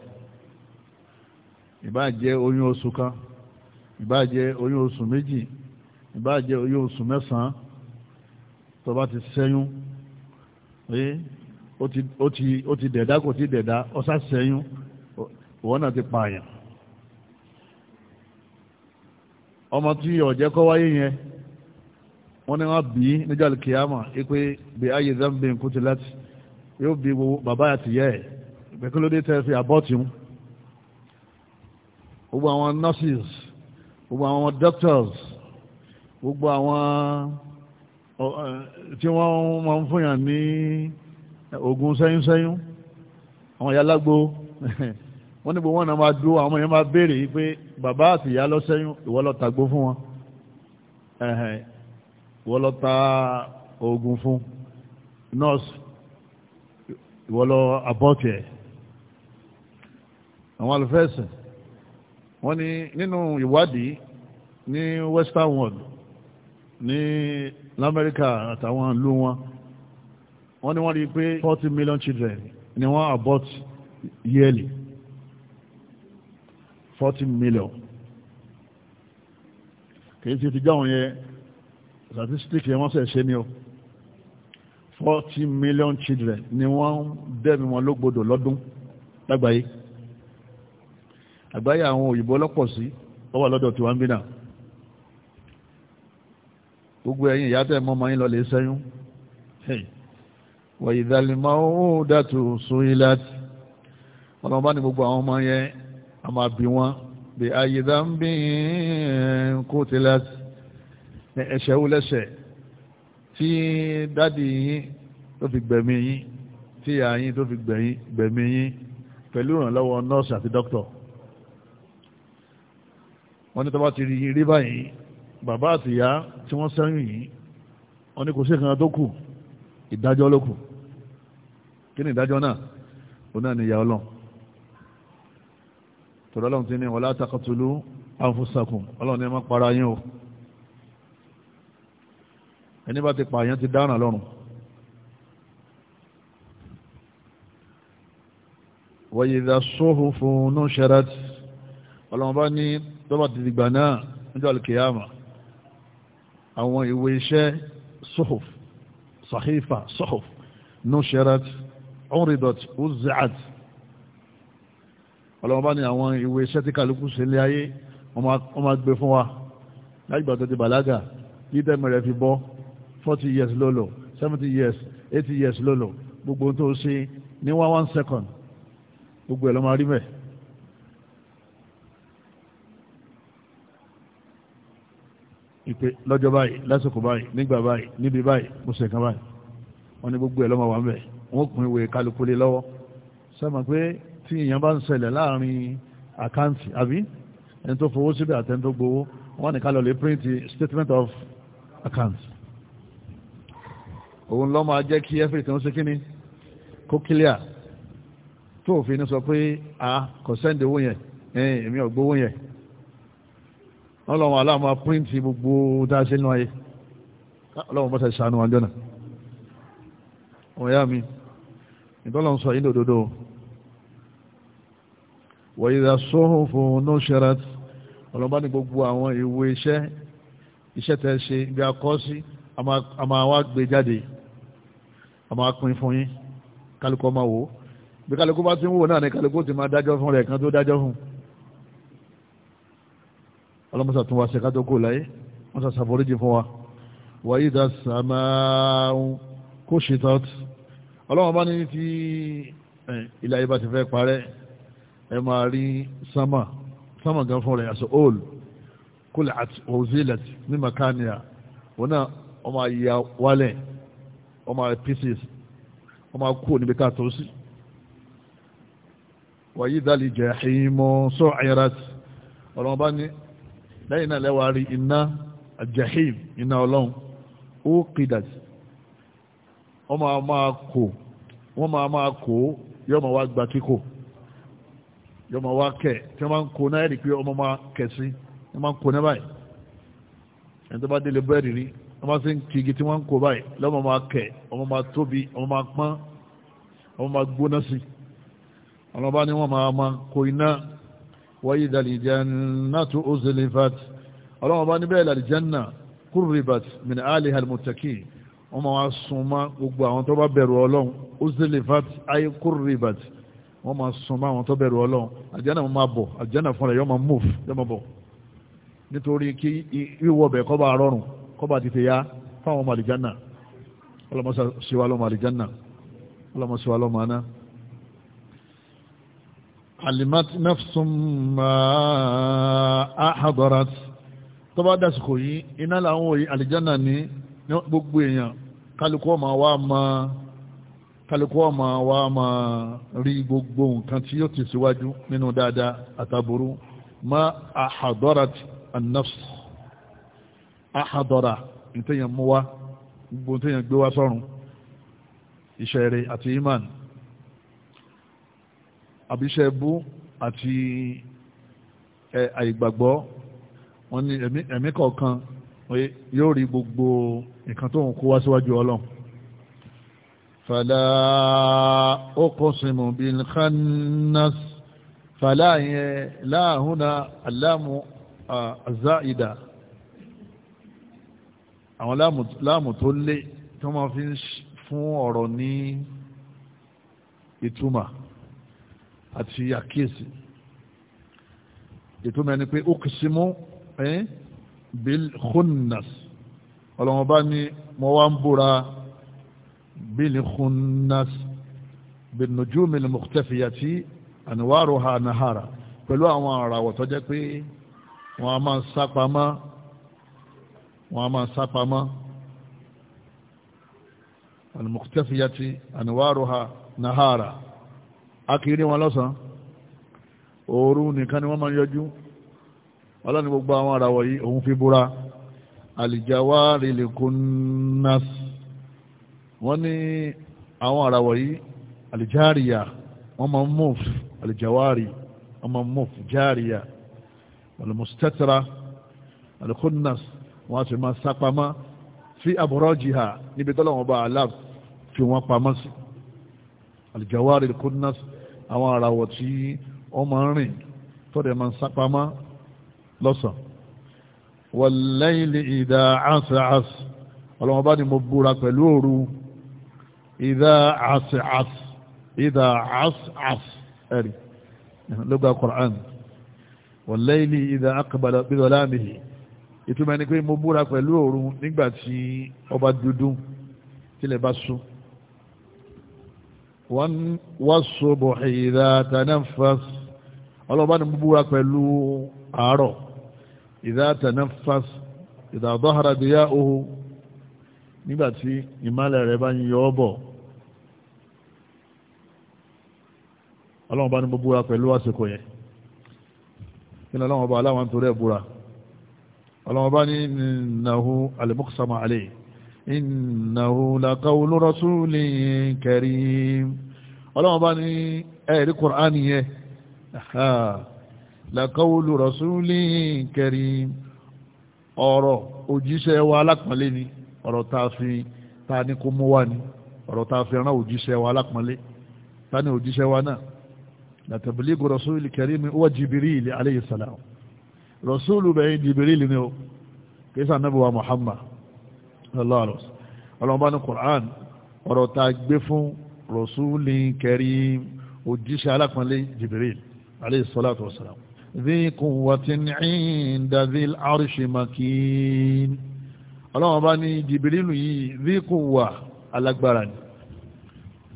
ìbáà oyún oṣù kan ìbáà oyún oṣù méjì ìbáà oyún oṣù mẹ́sàn-án tó bá ti sẹ́yún ó ti dẹ̀dá kò ti dẹ̀dá ọ̀sá sẹ́yún ìwọ́n náà ti pààyàn ọmọ tí ọ̀jẹ́ kọ́ wáyé yẹn wọ́n ní wọ́n bí níjọ́ alkiyama ipé bí ayé zambi ń kúti láti yóò bí gbogbo bàbá àti yẹ́ ẹ̀ ìpẹ́kúlódé tẹ́ fi àbọ́tì mú gbogbo àwọn nurses gbogbo àwọn doctors gbogbo àwọn tí wọ́n máa ń fúnyàn ní oògùn sẹ́yúnsẹ́yún àwọn ìyá lágbo wọ́n níbo wọ́n náà máa dúró àwọn èèyàn máa béèrè yìí pé bàbá àti ìyá lọ sẹ́yún ìwọ lọ tàgbó fún wọn ìwọ lọ ta oògùn fún nọ́ọ̀sì ìwọ lọ abọ́ọ̀tì ẹ̀ àwọn alufẹ́sìn wọ́n ní nínú ìwádìí ní western world ní lamẹ́ríkà àtàwọn ìlú wọn wọ́n ní wọ́n rí pé forty million children ni wọ́n abort yearly forty million kìí ti ti jáwọn yẹn statistics yẹn wọ́n sẹ̀ ṣe ni o forty million children ni wọ́n dẹ́mi wọn lógbodò lọ́dún lágbàáyé àgbáyé àwọn òyìnbó ọlọ́pọ̀ sí ó wà lọ́dọ̀ tiwa ń bí náà gbogbo ẹ̀yin ìyá tẹ̀ mọ́ ọmọ yín lọ lè ṣẹ́yún wà ìdálẹ́mọ́ ó dàtò sóyí láti ọ̀nà bá ní gbogbo àwọn ọmọ yẹn a máa bí wọn bí ayédá ń bí kó ti láti ẹ̀ṣẹ̀ wú lẹ́ṣẹ̀ tí dádì yín tó fi gbẹ̀mí yín tí ìyá tó fi gbẹ̀mí yín pẹ̀lú ìrànlọ́wọ́ nọ́ọ̀sì àti dókítọ̀ wọ́n ní tó ti rí rí báyìí bàbá àti tí wọ́n sẹ́yìn yìí wọ́n ní kò sí ìkan tó kù ìdájọ́ ló kù kí ni ìdájọ́ náà ó náà ni ìyá ọlọ́n tọ́lọ́ ọlọ́run ti ní wala taqtulu anfusakum ọlọ́run ní ẹ má para yín o ẹni bá ti pààyàn ti dáràn lọ́rùn wa idha suhufu nushirat ọlọ́run bá ní tọ́bà ti dìgbà náà níjọ́ alkiyama àwọn ìwé iṣẹ́ suhuf sahifa suhuf nushirat ọ̀rìndọ̀t uzaat ọlọ́mọba ni àwọn ìwé iṣẹ́ tí kálukú ṣe lé ayé wọ́n máa gbé fún wa láìgbà tó ti bàlágà yídẹ́mi rẹ̀ fi forty years lolo. seventy years eighty years lolo. gbogbo tó ṣe ní one one second gbogbo ẹ̀ ló máa rí mẹ́. ìpè lọ́jọ́ báyìí lásìkò báyìí nígbà báyìí níbi báyìí mo ṣe kan báyìí wọ́n ní gbogbo ẹ̀ ló máa wà mẹ́ẹ̀ wọ́n pín ìwé kálukúlé lọ́wọ́ sẹ́mọ̀ pé tí èèyàn bá ń ṣẹlẹ̀ láàrin àkáǹtì àbí ẹni tó fowó síbẹ̀ àtẹni tó gbowó wọ́n ní kálọ̀ lè print statement of account òun lọ́ máa jẹ́ kí everything ṣe kíní kó clear tó òfin ní sọ pé a kò sẹ́ndì owó yẹn èmi ò gbowó yẹn wọ́n lọ́wọ́ aláàmà print gbogbo dáṣẹ́ nínú ayé ọlọ́wọ́ bọ́sẹ̀ ṣàánú àjọ náà ọ̀yá mi ìtọ́lọ̀ ń sọ yìí lòdòdó wa idha suhufu nushirat ọlọ́bá ní gbogbo àwọn ìwé iṣẹ́ iṣẹ́ tẹ́ ṣe ibi akọ́ sí a máa wá gbé jáde a máa pín fún yín kálukọ́ máa wò ó bí kálukú bá ti ń wò náà ni kálukú ti máa dájọ́ fún rẹ̀ kan tó dájọ́ fún ọlọ́mọsà tún wá ṣẹ̀ká tó kò láyé wọ́n sàṣàforíjì fún wa wa idha sama'u kushitat ọlọ́wọ́n bá ní tí ilẹ̀ ayé bá ti fẹ́ parẹ́ ẹ máa rí sámà sámà gan fún rẹ̀ aṣọ òòlù kúlẹ̀ àti òzílẹ̀tì ní makania wọn náà wọ́n máa ya wálẹ̀ wọ́n máa pieces wọ́n máa kú níbi ká tó sí wàyí dálì jẹ́ ìmọ̀ sọ àyàrát ọlọ́wọ́n bá ní lẹ́yìn náà lẹ́wàá rí iná àjẹ́hìm iná ọlọ́run ó kìdàtì wọ́n máa máa kò wọ́n máa máa kò yọ́ máa wá gba kíkò yọ́ máa wá kẹ̀ tí wọ́n máa ń kò náà rí pé ọmọ máa kẹ̀ sí wọ́n máa ń kò náà báyìí ẹni tó bá délé bẹ́ẹ̀rì rí wọ́n máa ń sìn kí igi tí wọ́n ń kò báyìí lọ́mọ máa kẹ̀ ọmọ máa tóbi ọmọ máa pọ́n ọmọ máa gbóná sí ọlọ́ba ni wọ́n máa máa kò iná wáyé ìdàlìjẹ́ náà tó ó wọ́n máa wá súnmọ́ gbogbo àwọn tó bá bẹ̀rù ọlọ́run uzilifat ayikuribat wọ́n máa súnmọ́ àwọn tó bẹ̀rù ọlọ́run àjẹ́nà wọn máa bọ̀ àjẹ́nà fúnra yọ́ máa move yọ́ máa bọ̀ nítorí kí wíwọ́ bẹ̀ kọ́ bá rọrùn kọ́ bá tètè yá fáwọn ọmọ àlìjánà ọlọ́mọsá síwá lọ́mọ àlìjánà ọlọ́mọ síwá alimat nafsum ma ahadarat tó bá dásìkò yìí iná làwọn òyìn àlìjánà ní gbogbo èèyàn kálukú ọmọ wa máa kálukú ọmọ wa máa rí gbogbo nǹkan tí yóò ti síwájú nínú dáadáa àtàbúrú ma àhàdọ́rat annafs àhàdọ́ra ìtẹ̀yàn mú wa gbogbo ìtẹ̀yàn gbé wa sọ́run iṣẹ́ àti iman àbíṣẹ́ bú àti àìgbàgbọ́ wọn ni ẹ̀mí kọ̀ọ̀kan yóò rí gbogbo nǹkan tó ń kó wá síwájú ọlọ́run fàlà uqsimu bil khannas fàlà yẹn láàhúnà aláàmù àzáìdà àwọn láàmù tó lé tó máa fi fún ọ̀rọ̀ ní ìtumà àti àkíyèsí ìtumà ni pé uqsimu ẹ́n bil khunnas ọlọ́mọba ní mo wá ń búra bil khunnas bin nujumi al mukhtafiyati anwaruha nahara pẹ̀lú àwọn àràwọ̀ tó jẹ́ pé wọ́n a máa sápamọ́ wọ́n a máa sápamọ́ al mukhtafiyati anwaruha nahara akiri wọn lọ́sàn-án òru nìkan ni wọ́n máa yọjú ọlọ́ni gbogbo àwọn ara wọ̀nyí òun fi búra àlìjáwárí lè kó nas wọ́n ní àwọn ara wọ̀nyí àlìjáríyà wọ́n máa ń mọ̀f àlìjáwárí wọ́n máa ń mọ̀f járíyà àlùmọ̀sítẹ́tara àlùkó nas wọ́n á sì máa sápamọ́ fi àbúrọ́ jìhà níbi tọ́lọ́wọ́n bá aláàb fi wọ́n pamọ́ sí àlìjáwárí lè kó àwọn ara wọ̀ wọ́n máa rìn tọ́lẹ̀ máa ń sápamọ́ lọ́sàn wal-layli idha as'as ọlọ́mọba ni mo búra pẹ̀lú òru idha as'as idha as'as ẹ̀rì lọ́gbà Qur'an wal-layli idha aqbala bi dhalamihi ìtumọ̀ ẹni pé mo búra pẹ̀lú òru nígbà tí ọba dúdú tilẹ̀ bá sùn wọ́n wọ́n sọ bọ̀ ìdá tanafas ọlọ́ba ni mo búra pẹ̀lú Aro. ìdá tanafas dọ́hara ohu nígbàtí làkọ́wọ́lù rọ̀súlì kẹrin ọ̀rọ̀ òjíṣẹ́ wa alápọ̀nlé ni ọ̀rọ̀ tá a fi ta ni kó mú wá ni ọ̀rọ̀ tá a fi rán òjíṣẹ́ wa alápọ̀nlé ta ni òjíṣẹ́ wa náà làtẹ̀bìlígò rọ̀súlì kẹrin mi wọ́n Jibril alayhi salam rọ̀súlù bẹ̀yìn Jibril ni o kìsà nàbì wa Muhammad ọlọ́ọ̀bá ní Qur'an ọ̀rọ̀ tá a gbé fún rọ̀súlì kẹrin òjíṣẹ́ alápọ̀nlé Jibril alayhi salatu wa salam ذي قوة عند ذي العرش مكين ọlọ́wọ́n bá ní jìbìrìlù yìí ذي قوة alágbára ni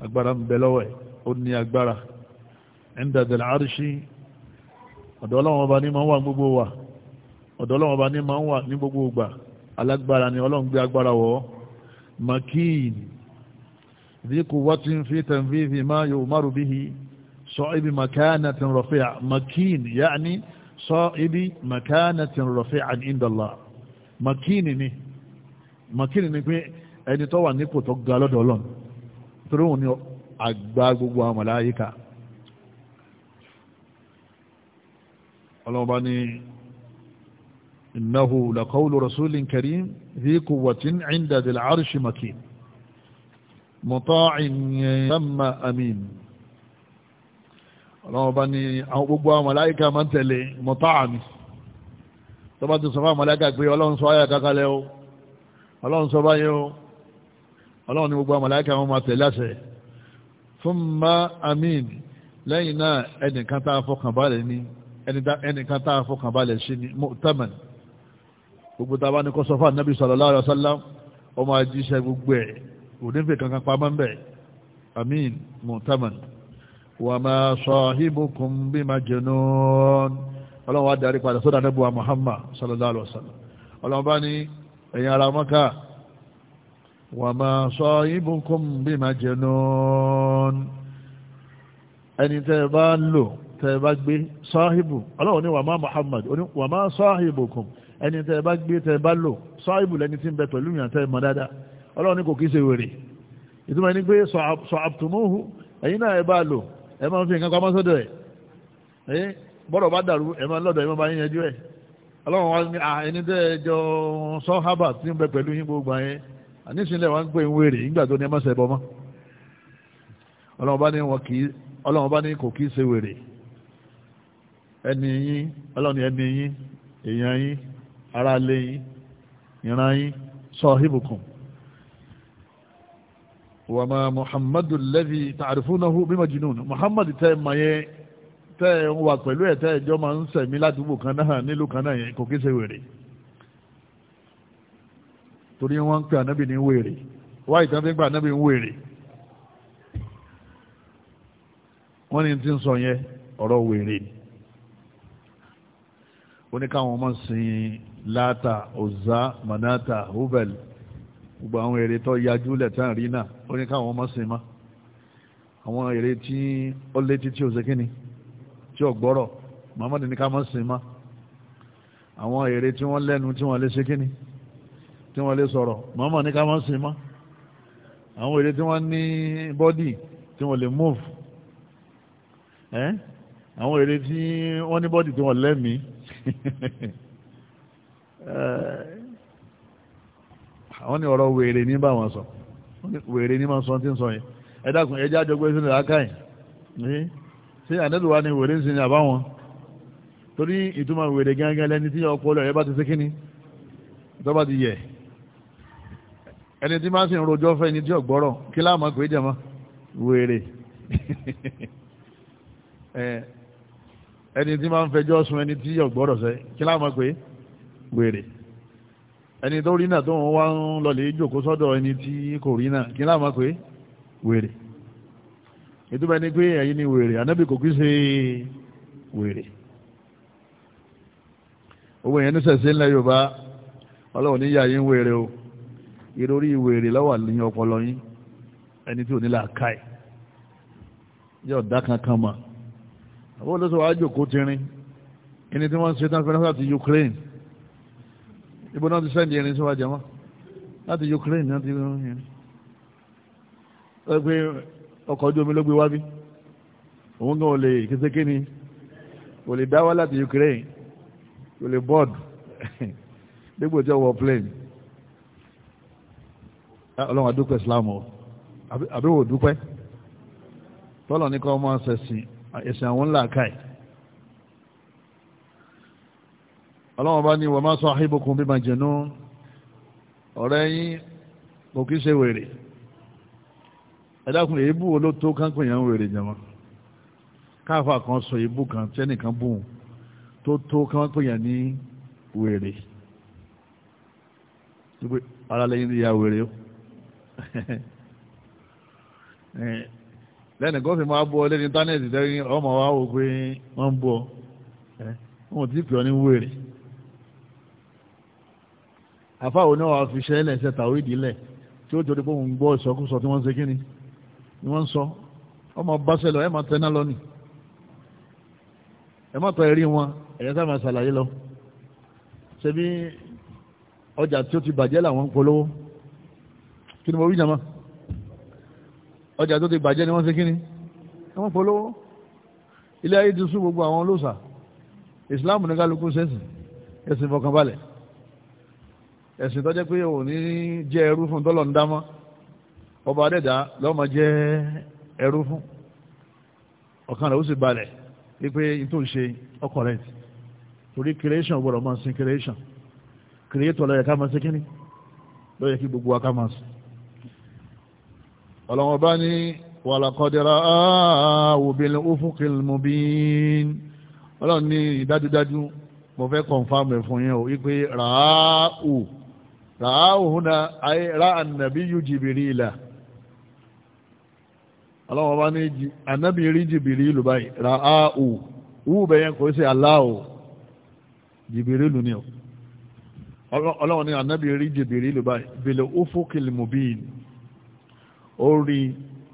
agbára ń bẹ lọ́wọ́ ẹ̀ ó ní agbára عند ذي العرش ọ̀dọ̀ ọlọ́wọ́n bá ní ma ń wà gbogbo wa ọ̀dọ̀ ọlọ́wọ́n bá ní ma ń wà ní gbogbo ìgbà alágbára ni ọlọ́run gbé agbára wọ̀ makin ذي قوة في تنفيذ ما يؤمر به صائب مكانة رفيع مكين يعني صائب مكانة رفيعا عند الله مكين ني مكين ني pé ẹni tó wà nípò tó ga lọ́dọ̀ Ọlọ́run torí òun ni إنه لقول رسول كريم ذي قوة عند ذي العرش مكين مطاع ثم أمين ọlọ́wọ́ bá ní àwọn gbogbo àwọn màláíkà máa ń tẹ̀lé mọ̀tá àmì tó bá ti sọ fún àwọn màláíkà pé ọlọ́run sọ ayà kákalẹ̀ o ọlọ́run sọ báyìí o ọlọ́run ní gbogbo àwọn màláíkà wọn máa tẹ̀lé àṣẹ fún ma amin lẹ́yìn náà ẹnìkan tá a fọkàn balẹ̀ ní ẹnìkan tá a fọkàn balẹ̀ sí ní mu'taman gbogbo tá a bá ní kó sọ fún anabi sallallahu alaihi wasallam وما صاحبكم بمجنون ọlọ́run wá darí padà sọ́dọ̀ anábùwà Muhammad sallallahu alaihi wasallam ọlọ́run bá ní ẹ̀yin ará Mákà wama sahibukum bi majnun ẹni tẹ́ bá ń lò tẹ́ bá gbé sọ́hìbù ọlọ́run ní wama Muhammad wama sahibukum ẹni tẹ́ bá gbé tẹ́ bá lò sọ́hìbù lẹni tí ń bẹ pẹ̀lú yàn tẹ́ ìtumọ̀ ẹni pé sọ̀àbùtùmùhù ẹ̀yin náà ẹ bá lò E máa ń fi nǹkan pamọ́ sọ́dọ̀ ẹ̀ bọ́dọ̀ bá dàrú ẹ máa lọ́dọ̀ ẹ máa bá yanjú ẹ̀ ọlọ́run wa ní ẹni tẹ́ ẹ jọ sọ hábà tí ń bẹ pẹ̀lú yín gbogbo yẹn àníṣinlẹ̀ wa ń pè ń wèrè nígbà tó ní ẹ má ṣe bọ́mọ́ ọlọ́run bá ní kò kí í ṣe wèrè ẹni yín ọlọ́run ẹni yín èèyàn yín ara ìran yín sọ ibùkún وما محمد الذي تعرفونه bí majinun muhammadu tẹ́ ma yẹ tẹ́ ń wà pẹ̀lú ẹ̀ tẹ́ ìjọ máa ń sẹ̀mí ládùúgbò kan náà nílùú kan náà yẹn kò kí ṣe wèrè torí wọ́n ń pè ànábì ní wèrè wáyé tán fi ń pè ànábì ń wèrè wọ́n ní ti ń sọ ni ó ní káwọn máa sin láta ọ̀zá manata hubel gbogbo àwọn èrè tó yajú le rí náà ó ní káwọn ọmọ sin àwọn èrè tí ó létí tí ó ṣe tí ó gbọ́rọ̀ Muhammad ní ká mọ́ àwọn èrè tí wọ́n lẹ́nu tí wọ́n lè ṣe tí wọ́n lè sọ̀rọ̀ Muhammad ní ká ma àwọn èrè tí wọ́n ní bọ́dì tí wọ́n lè move ẹ́ àwọn èrè tí wọ́n ní bọ́dì tí wọ́n lẹ́mìí àwọn ni ọ̀rọ̀ wèrè ní bá wọn sọ wèrè ní máa sọ tí ń sọ yẹn ẹ̀dàkùn ẹjẹ́ àjọgbé sínú àkáyìn ní sí àdẹ́lùwà ni wèrè ń sin àbáwọn torí ìtumọ̀ wèrè gángan lẹ́ni tí ọpọlọ ẹ bá ti sékíní tó bá ti yẹ ẹni tí máa sì ń rojọ́ fẹ́ ni tí ọ̀gbọ́rọ̀ kí láàmà pé jẹ́mọ́ wèrè ẹni tí máa ń fẹjọ́ sun ẹni tí ọ̀gbọ́rọ̀ sẹ́ kí láàmà pé wèrè ẹni tó rí náà tó wọ́n wá ń lọlẹ̀ ìjòkó sọ́dọ̀ ẹni tí kò rí náà kí láàmà pé wèrè ìtúbẹ̀ ni pé ẹ̀yin ni wèrè ànábì kò kí ṣe wèrè owó yẹn ní sẹ̀sẹ̀ ńlẹ̀ Yorùbá ọlọ́run níyà yín wèrè o ìrorí wèrè lọ́wọ́ àlẹ́yìn ọpọlọ yín ẹni tí ò ní làákàyè yóò dá kankan mọ̀ àwọn olóṣèlú àjòkó tirin ẹni tí wọ́n ń ṣe tán fẹ́rẹ́ láti Ukraine ibo náà ti sẹ́ndì irin síwájú wọn láti Ukraine náà ti rán irin ó pé ọkọ̀ ojú omi ló gbé wá bí òun gan ò lè késeké ni ò lè dá láti Ukraine ò lè bọ́ọ̀dù dípò tí ó wọ plane ah, ọlọ́run àdúpẹ́ Islam o àbí wò dúpẹ́ tọ́lọ̀ ní kọ́ ọmọ ẹ̀sìn àwọn ńlá káì ọlọ́wọ́n bá ní wọ́n máa sọ àhíbùkún bí màjẹ̀nú ọ̀rẹ́ yín kò kí ṣe wèrè ẹ̀dákùn èébù olótó kánkùn yẹn ń wèrè jẹ̀mọ́ káfà kan sọ èébù kan tẹ́nìkan bùn tó tó kánkùn yẹn ní wèrè ara lẹ́yìn ìyá wèrè o lẹ́nu kó fi máa bọ́ lẹ́ni íńtánẹ́ẹ̀tì tẹ́rí ọmọ wa wò pé wọ́n ń bọ́ wọn ò pè ọ́ ní wèrè àfa òní wàá fi ṣẹ́ lẹ́sẹ̀ tàwí ìdílẹ̀ tí ó torí pé òun gbọ́ ìsọkúsọ tí wọ́n ń ṣe kí ni ni wọ́n ń sọ ọmọ báṣẹ lọ ẹ máa tẹná lọ ni ẹ má tọ ẹrí wọn ẹ̀yẹ sáà máa ṣàlàyé lọ ṣe bí ọjà tí ó ti bàjẹ́ làwọn ń polówó kí ni mo wí jàmá ọjà tó ti bàjẹ́ ni wọ́n ṣe kí ni ẹ má polówó ilé ayé ti sún gbogbo àwọn olóòṣà ìsìláàmù ní kálukú sẹ́sìn ẹ̀sìn fọkànbalẹ̀ ẹ̀sìn tó jẹ́ pé ò ní jẹ́ ẹrú fún tọ́lọ̀ ń dámọ́ ọba adẹ́dá lọ́mọ jẹ́ ẹrú fún ọkàn rẹ̀ ó sì balẹ̀ wípé tó ń ṣe ọkọ̀ rẹ̀ torí creation gbọ́dọ̀ máa sin creation creator ló yẹ ká máa ṣe kíní ló yẹ kí gbogbo wa ká máa sìn ọlọ́wọ́n bá ní wàlàkọ́dẹ̀rà àwòbìnrin òfúkìl mubin ọlọ́run ní ìdájúdájú mo fẹ́ kọ̀nfàmù ẹ̀fún yẹn o wípé ràá ò ràáhù húnà ráà nàbí yú jìbìrìlà ọlọ́wọ́ bá ní ànábì rí jìbìrìlù báyìí ràáhù wú bẹ̀yẹn kò sí aláhù jìbìrìlù ni ọlọ́wọ́ ní ànábì rí jìbìrìlù báyìí bèlè ófókìlì mùbíìn ó rí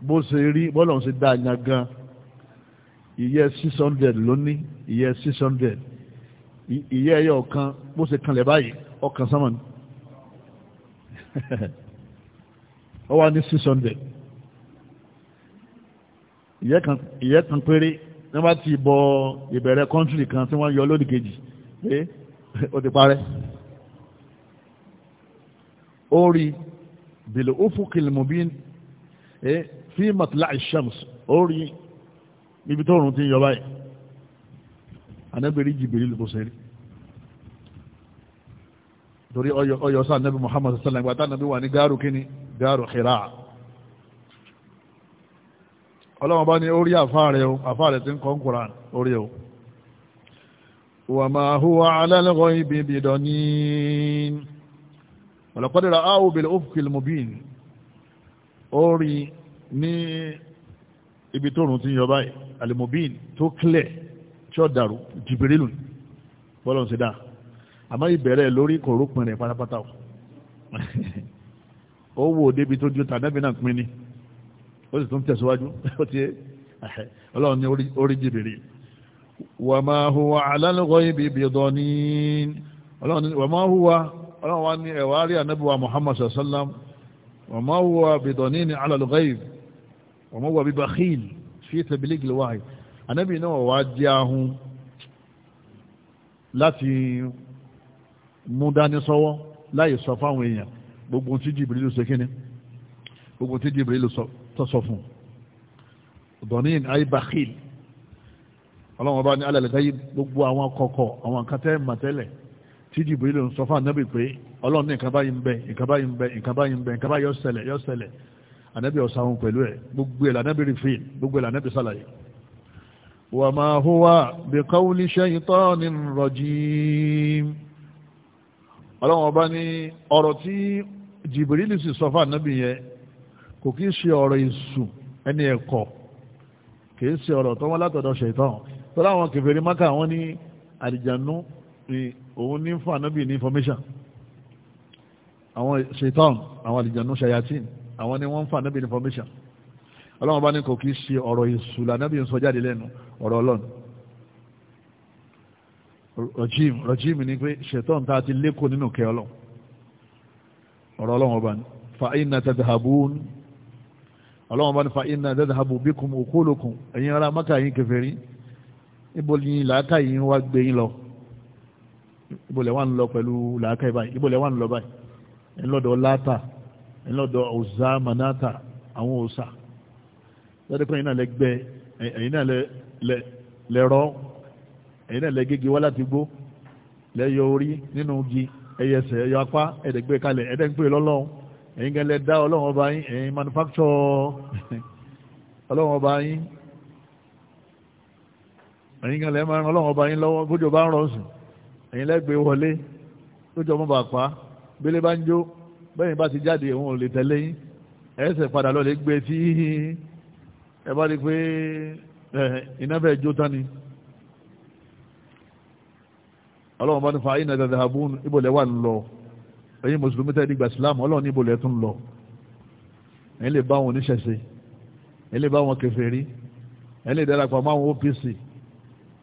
bó ṣe rí bọ́lọ̀ ṣe dá yangan ìyẹ́ 600 lónìí ìyẹ́ 600 ìyẹ́ ẹyọ kan bó ṣe kanlẹ̀ báyìí ọkàn sánmà ni ó wá ní six hundred ìyẹ́ kan péré ní wọ́n ti bọ ìbẹ̀rẹ̀ kọ́ńtírì kan tí wọ́n yọ lódì kejì pé ó ti parẹ́ ó rí bìlì ufukil mubin fi matla ishams ó rí níbi tó rùn ti ń yọ báyìí anábìrì jìbìrì ló kó sẹ́rí torí ọyọ sáà nẹ́bí muhammadu sallam ìgbà tá nàbí wà ní gáàrù kíní gáàrù hira ọlọ́wọ́n bá ní orí àfáàrẹ̀ o àfáàrẹ̀ tí ń kọ́ ń kúrán orí o wà máa húwa alálẹ́gọ́ ibi ìbìdọ̀ ní ọ̀lọ́kọ́dẹ̀rẹ̀ áwò bil ufqil mubin orí ní ibi tó rùn ti yọ báyìí alimobin tó kílẹ̀ tí ó dàrú jìbìrìlù bọ́lọ̀ ń dáa àmọ́ ìbẹ̀rẹ̀ lórí kò rópin rẹ̀ pátápátá o ó wò débi tó ju tànẹ́bí náà pin ni ó sì tún tẹ̀síwájú ó ti ọlọ́run ní orí jìbìrì wà máa huwa alálùkọ́ ibi ìbìdọ̀ ní wà máa huwa ọlọ́run wa ní ẹ̀wà rí ànábìwà Muhammad sallam wà máa huwa bìdọ̀ ní ní alálùkọ́ ibi wà máa huwa bíbá khil fi tẹ̀bílì gilwáì ànábì náà wà jẹ́ ahun láti mú dání sọ́wọ́ láyé sọ fáwọn èèyàn gbogbo tí Jibril ṣe kíni gbogbo tí Jibril tó sọ fún dọ̀nín ayé bakhil ọlọ́run ọba ní alẹ́ gáyé gbogbo àwọn kọ̀kọ̀ àwọn nǹkan tẹ́ màtẹ́lẹ̀ tí Jibril ń sọ fún ànábì pé ọlọ́run ní nǹkan báyìí ń bẹ nǹkan báyìí ń bẹ nǹkan báyìí ń bẹ nǹkan báyìí yó ṣẹlẹ̀ yó ṣẹlẹ̀ pẹ̀lú ẹ̀ gbogbo ẹ̀ lànábì rí gbogbo ẹ̀ lànábì sàlàyé wa ma huwa bi qawli shaytanin ọlọ́run ọba ní ọ̀rọ̀ tí jìbìrìlì sì sọ fún ànábì yẹn kò kí ń ṣe ọ̀rọ̀ èṣù ẹni ẹ̀kọ́ kì í ṣe ọ̀rọ̀ tó wọ́n látọ̀dọ̀ ṣètàn tó láwọn kèfèrí Mákà wọ́n ní àdìjànú ni òun ní fún ànábì ní information àwọn ṣètàn àwọn àdìjànú ṣayatin àwọn ni wọ́n ń fún ànábì ní information ọlọ́run ọba ní kò kí ń ṣe ọ̀rọ̀ èṣù lànábì ń sọ jáde lẹ́nu ọ̀rọ̀ ọlọ́run rọjìm rọjìm ni pé ṣètọ́n tá a ti lékò nínú kẹ́ ọlọ́run ọ̀rọ̀ ọlọ́run ọba ni fa inna tadhhabun ọlọ́run ọba ni fa inna tadhhabu bikum ukulukum ẹ̀yin ará maka yín kèfèrí ibo ni làákà yín wá gbé yín lọ ibo lẹ̀ wà ń lọ pẹ̀lú làákà yín báyìí ibo wà ń lọ báyìí ẹ̀ lọ́dọ̀ láta ẹ̀ lọ́dọ̀ ọ̀zá manata àwọn òòsà lọ́dọ̀ pé ẹ̀yin náà lẹ ẹ̀yin náà lẹ́gẹ́gẹ́ wá láti gbó lẹ́yọ orí nínú igi ẹyẹ ẹsẹ̀ ẹyọ apá ẹ̀dẹ̀gbẹ́ e kalẹ̀ ẹ̀dẹ̀gbẹ́ lọ́lọ́run ẹ̀yin gan lẹ dá ọlọ́run ọba yín ẹ̀yin manufacture ọlọ́run ọba yín ẹ̀yin gan lẹ máa ran ọlọ́run ọba yín lọ́wọ́ gójò bá ń rọ̀ sùn ẹ̀yin lẹ́gbẹ̀ẹ́ e wọlé gójò ọmọ bàpá bẹ́lẹ́ bá ń jó bẹ́yìn bá ti jáde òun ò lè tẹ̀lé yín ẹ̀ẹ́sẹ̀ padà lọ lè gbé e tí ẹ bá rí pé iná fẹ́ jó tán ni ọlọ́run bá ní fa ayé nàdàdà abún ibòlẹ̀ wà ń lọ ẹ̀yin mùsùlùmí tẹ́ ẹ̀dígbà sílámù ọlọ́run ní ibòlẹ̀ tún lọ ẹ̀yin lè bá wọn oníṣẹ̀ṣe ẹ̀yin lè bá wọn kèfèrí ẹ̀yin lè darapọ̀ mọ́ àwọn OPC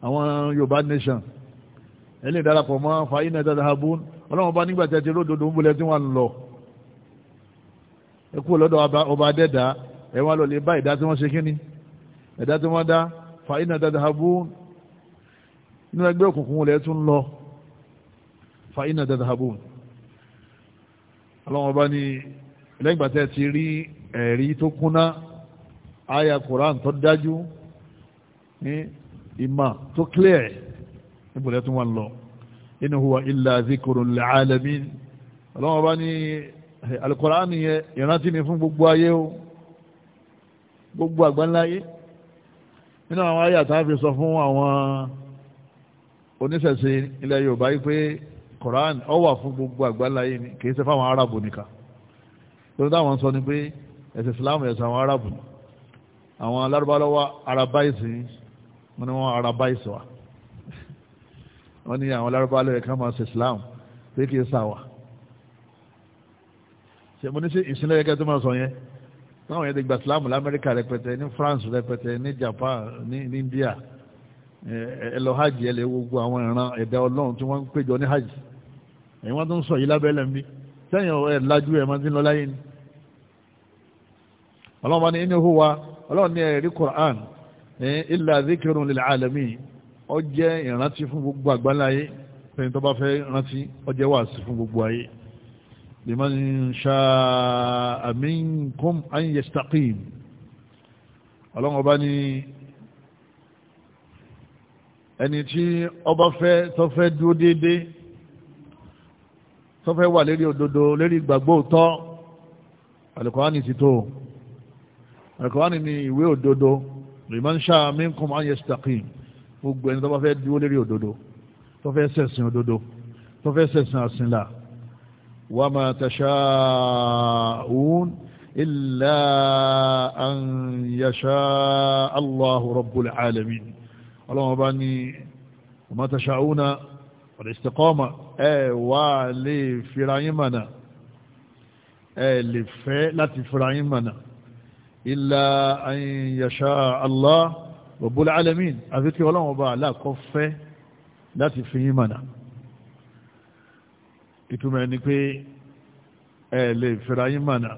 àwọn Yorùbá nation ẹ̀yin lè darapọ̀ mọ́ fa ayé nàdàdà abún ọlọ́run bá nígbà tẹ́tí lódodo ibòlẹ̀ tí wọ́n lọ ẹ kú lọ́dọ̀ ọba adẹ́dá ẹ wá ẹgbẹ́ òkùnkùn wọlé tún lọ fàyínà tadhhabun ọlọ́wọ́n bá ní lẹ́yìn ìgbà tẹ́ ti rí ẹ̀rí tó kúnná àyà koran tó dájú ní ìmà tó clear níbùdó tó wà lọ in huwa illa dhikrun lil alamin ọlọ́wọ́n bá ní alukoran yẹn ìrántí ni fún gbogbo ayé o gbogbo àgbáńláyé nínú àwọn àyà tá a fi sọ fún àwọn oníṣẹ̀ṣe ilẹ̀ Yorùbá yìí pé Quran ó wà fún gbogbo àgbáláyé ni kì í fáwọn Arabu nìkan lórí táwọn sọ ni pé ẹ̀sìn Islam ẹ̀sìn àwọn Arabu ni àwọn alárúbálọ́wọ́ Arabáìsì wọn ni wọ́n Arabáìsì wa wọ́n ní àwọn alárúbálọ́ ẹ̀ka máa ṣe Islam pé kì í sáwà ṣe mo ní sí ìsinlẹ̀ yẹ́kẹ́ tó máa sọ yẹn táwọn yẹn ti gba Islam lamẹ́ríkà rẹpẹtẹ ní France rẹpẹtẹ ní Japan ní India ẹ lọ hajj ẹ lè wo gbogbo àwọn ìran ẹ̀dá ọlọ́run tí wọ́n ń péjọ ní hajj ẹ̀yin wọ́n tó ń sọ yìí lábẹ́lẹ̀ ń bí sẹ́yìn ẹ̀ lajú ẹ̀ máa ti ń lọ láyé ni ọlọ́run bá ní inú huwa ọlọ́run ní ẹ̀rí Qur'an illa dhikrun lil alamin ó jẹ́ ìrántí fún gbogbo àgbáláyé pẹ̀lú tó bá fẹ́ rántí ó jẹ́ wàásù fún gbogbo ayé liman sha'a minkum an yastaqim ọlọ́run ọba ní ẹni tí ọba fẹ́ tó fẹ́ dúró déédéé tó fẹ́ wà lérí òdodo lérí ìgbàgbọ́ òtọ́ alukọ́wánì ti tó alukọ́wánì ni ìwé òdodo liman sha'a minkum an yastaqim gbogbo ẹni tó bá fẹ́ dúró lérí òdodo tó fẹ́ ṣẹ̀sìn òdodo tó fẹ́ ṣẹ̀sìn àsìnlá wa ma tasha'un illa an yasha Allahu rabbul alamin ọlọ́wọ́n bá ní wa ma tasha'una al-istiqama ẹ wà lè fira yín mọ̀nà ẹ lè fẹ́ láti fira yín mọ̀nà illa an yasha Allah rabbul alamin àfi kí ọlọ́run ọba aláàkọ́ fẹ́ láti fi yín mọ̀nà ìtumọ̀ pé ẹ lè fira yín mọ̀nà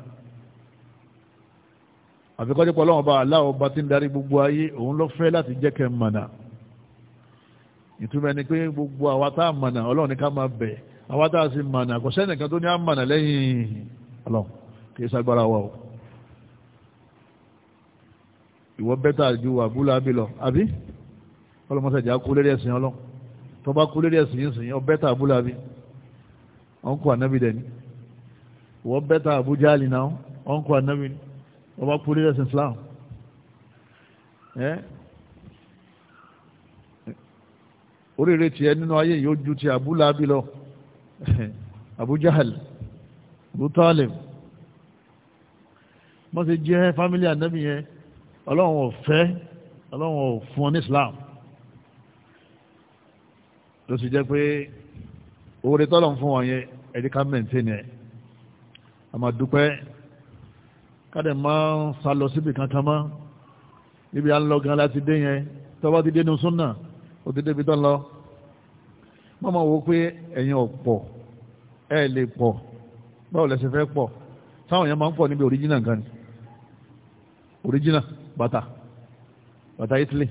àfikọ́jọ́pọ̀ ọlọ́run ọba aláwọ̀ ń darí gbogbo ayé òun ló fẹ́ láti jẹ́ kẹ́ ìtumọ̀ ni pé gbogbo àwa tá a mọ̀nà ọlọ́run ní ká máa bẹ̀ àwa tá a sì mọ̀nà kò sẹ́nìkan tó ní á mọ̀nà lẹ́yìn ọlọ́run kì í sagbára wa o ìwọ bẹ́tà ju àbúlà bí lọ àbí ọlọ́mọsàjà kú lérí ẹ̀sìn ọlọ́run tó bá kú lérí ẹ̀sìn yìí ọ bẹ́tà àbúlà bí ọ̀nkọ́ ànábì dẹ̀ ni ìwọ bẹ́tà àbújá àlìnà ọ̀nkọ́ ànábì ni ọba kú lérí ẹ̀sìn Islam oríire tiẹ̀ nínú ayé yóò ju ti Abu Lahabi lọ Abu Jahal Abu Talib wọ́n ti jẹ́ fámílì ànábì yẹn ọlọ́run ò fẹ́ ọlọ́run ò ní Islam ló sì jẹ́ pé oore tọ́lọ̀ ń fún wọn yẹn ẹ̀dí ká mẹ́ǹtẹ́nì ẹ̀ àmàdúpẹ́ káde máa ń sá lọ síbi kankan mọ́ níbi à ń lọ gan láti dé yẹn tọ́wọ́ ti dé ní sunna òdídé ibi tó lọ mọ́mọ́ wo pé ẹ̀yin ọ̀pọ̀ ẹ̀ lè pọ̀ báwo lẹ́sẹ̀ fẹ́ pọ̀ táwọn èèyàn máa ń pọ̀ níbi original gan ni original bàtà bàtà Italy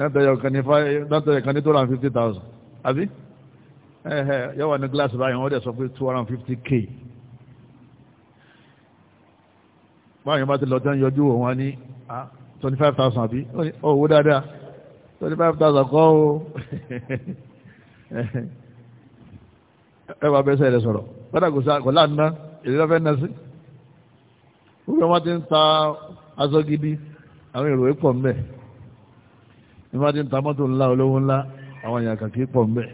látọ̀yọ̀ kan ní two hundred and fifty thousand àbí yọ wà ní gíláàsì báyìí wọ́n dẹ̀ sọ pé two hundred and fifty k báyìí wọ́n bá ti lọ tán yọjú òun wá ní ah, twenty five thousand àbí oh, owó dáadáa twenty five thousand kọ́ o ẹ wà bẹ́sẹ̀ rẹ sọ̀rọ̀ bọ́dà kò sá kò láàánú èdè lọ́fẹ́ náà sí gbogbo wọn ti ń ta aṣọ gidi àwọn èrò pọ̀ mbẹ́ ní wọn ti ń ta mọ́tò ńlá olówó ńlá àwọn èèyàn kàkí pọ̀ mbẹ́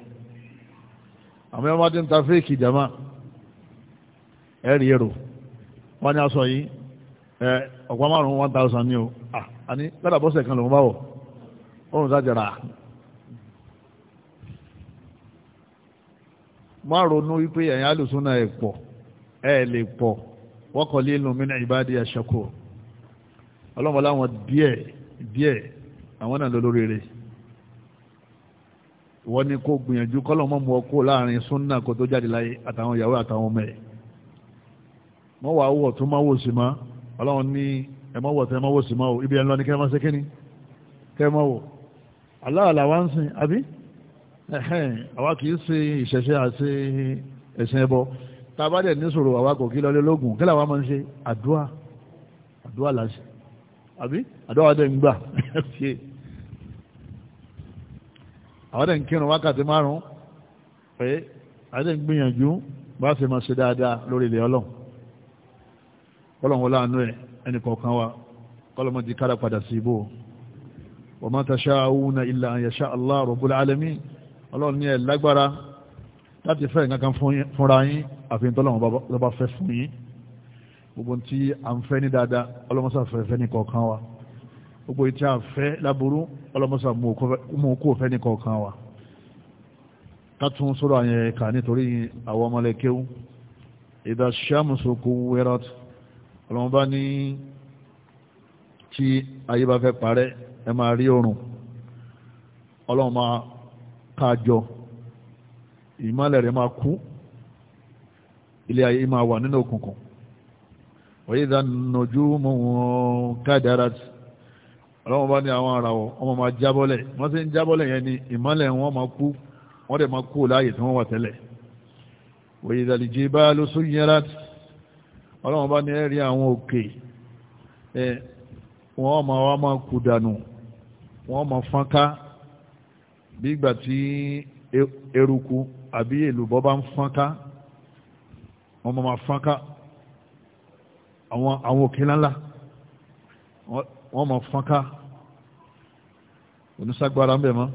àwọn wọn ti ń ta fíìkì jama ẹ̀rí èrò wọn ni aṣọ yìí ọ̀pá márùn-ún one thousand ni o àní ah, ládàá bọ́sẹ̀ kan lòún bá wọ̀ ọ̀run sájàrà má ronú wípé ẹ̀yin alùsùnà ẹ̀ pọ̀ ẹ̀ lè pọ̀ wọ́kọ̀ lílù mí náà ìbáàdì àṣọkò ọlọ́mọ láwọn díẹ̀ díẹ̀ àwọn náà wọ́n ní kó gbìyànjú láàrin súnà kó tó jáde láyé àtàwọn ìyàwó àtàwọn ọmọ ẹ̀ mọ́ wàá wọ̀ tó má wò sí máa ọlọ́run ní ẹmọ́wọ̀ tẹ́ ẹmọ́wọ̀ sí máa wò ibi ẹ̀lọ́ ní kẹ́ máa ṣe kíní kẹ́ máa wò aláàlá wá ń sìn àbí àwa kì í ṣe ìṣẹ̀ṣẹ̀ àti ẹ̀sìn ẹbọ tá a bá dẹ̀ níṣòro àwa kò kí lọlé lógún kí làwa máa ń ṣe àdúrà àdúrà làṣẹ àbí àdúrà dẹ̀ ń gbà ṣe àwa dẹ̀ ń kírun wákàtí márùn-ún pé àwa ń gbìyànjú bá ṣe máa ṣe dáadáa lórí ilẹ̀ ọlọ́run kọ́lọ̀wọ́ láàánú ẹ̀ ẹni kọ̀ọ̀kan wa kọ́lọ̀mọ́ ti kára padà sí ibò wa ma tasha'una illa an yasha Allah rabbul alamin ọlọ́run ní ẹ̀ lágbára láti fẹ́ nǹkan fúnra yín àfihàn tọ́lọ́wọ́ ló bá fẹ́ fún yín gbogbo tí a ń fẹ́ ní dáadáa ọlọ́mọsà fẹ́ fẹ́ ní kọ̀ọ̀kan wa gbogbo tí a fẹ́ láburú ọlọ́run bá ní tí ayé bá fẹ́ parẹ́ ẹ máa rí oòrùn ọlọ́run máa kájọ ìmọ̀lẹ̀ rẹ̀ máa kú ilé ayé máa wà nínú òkùnkùn wọ́n yíza nùjú mú kádàrát ọlọ́run bá ní àwọn àràwọ̀ ọmọ máa jábọ́lẹ̀ wọ́n sì ń jábọ́lẹ̀ yẹn ni ìmọ̀lẹ̀ wọn máa kú wọ́n dẹ̀ máa kú láàyè tí wọ́n wà tẹ́lẹ̀ wọ́n yíza lè bá lóṣù yẹn láti ọlọ́run bá ní ẹ̀rí àwọn òkè ẹ̀ wọ́n ma wá máa kú dànù wọ́n ma fọ́nká bí ìgbà tí e, eruku àbí èlùbọ́ bá ń fọ́nká wọ́n ma fọ́nká àwọn àwọn òkè ńláńlá wọ́n ma fọ́nká onísàgbára ń bẹ̀ mọ́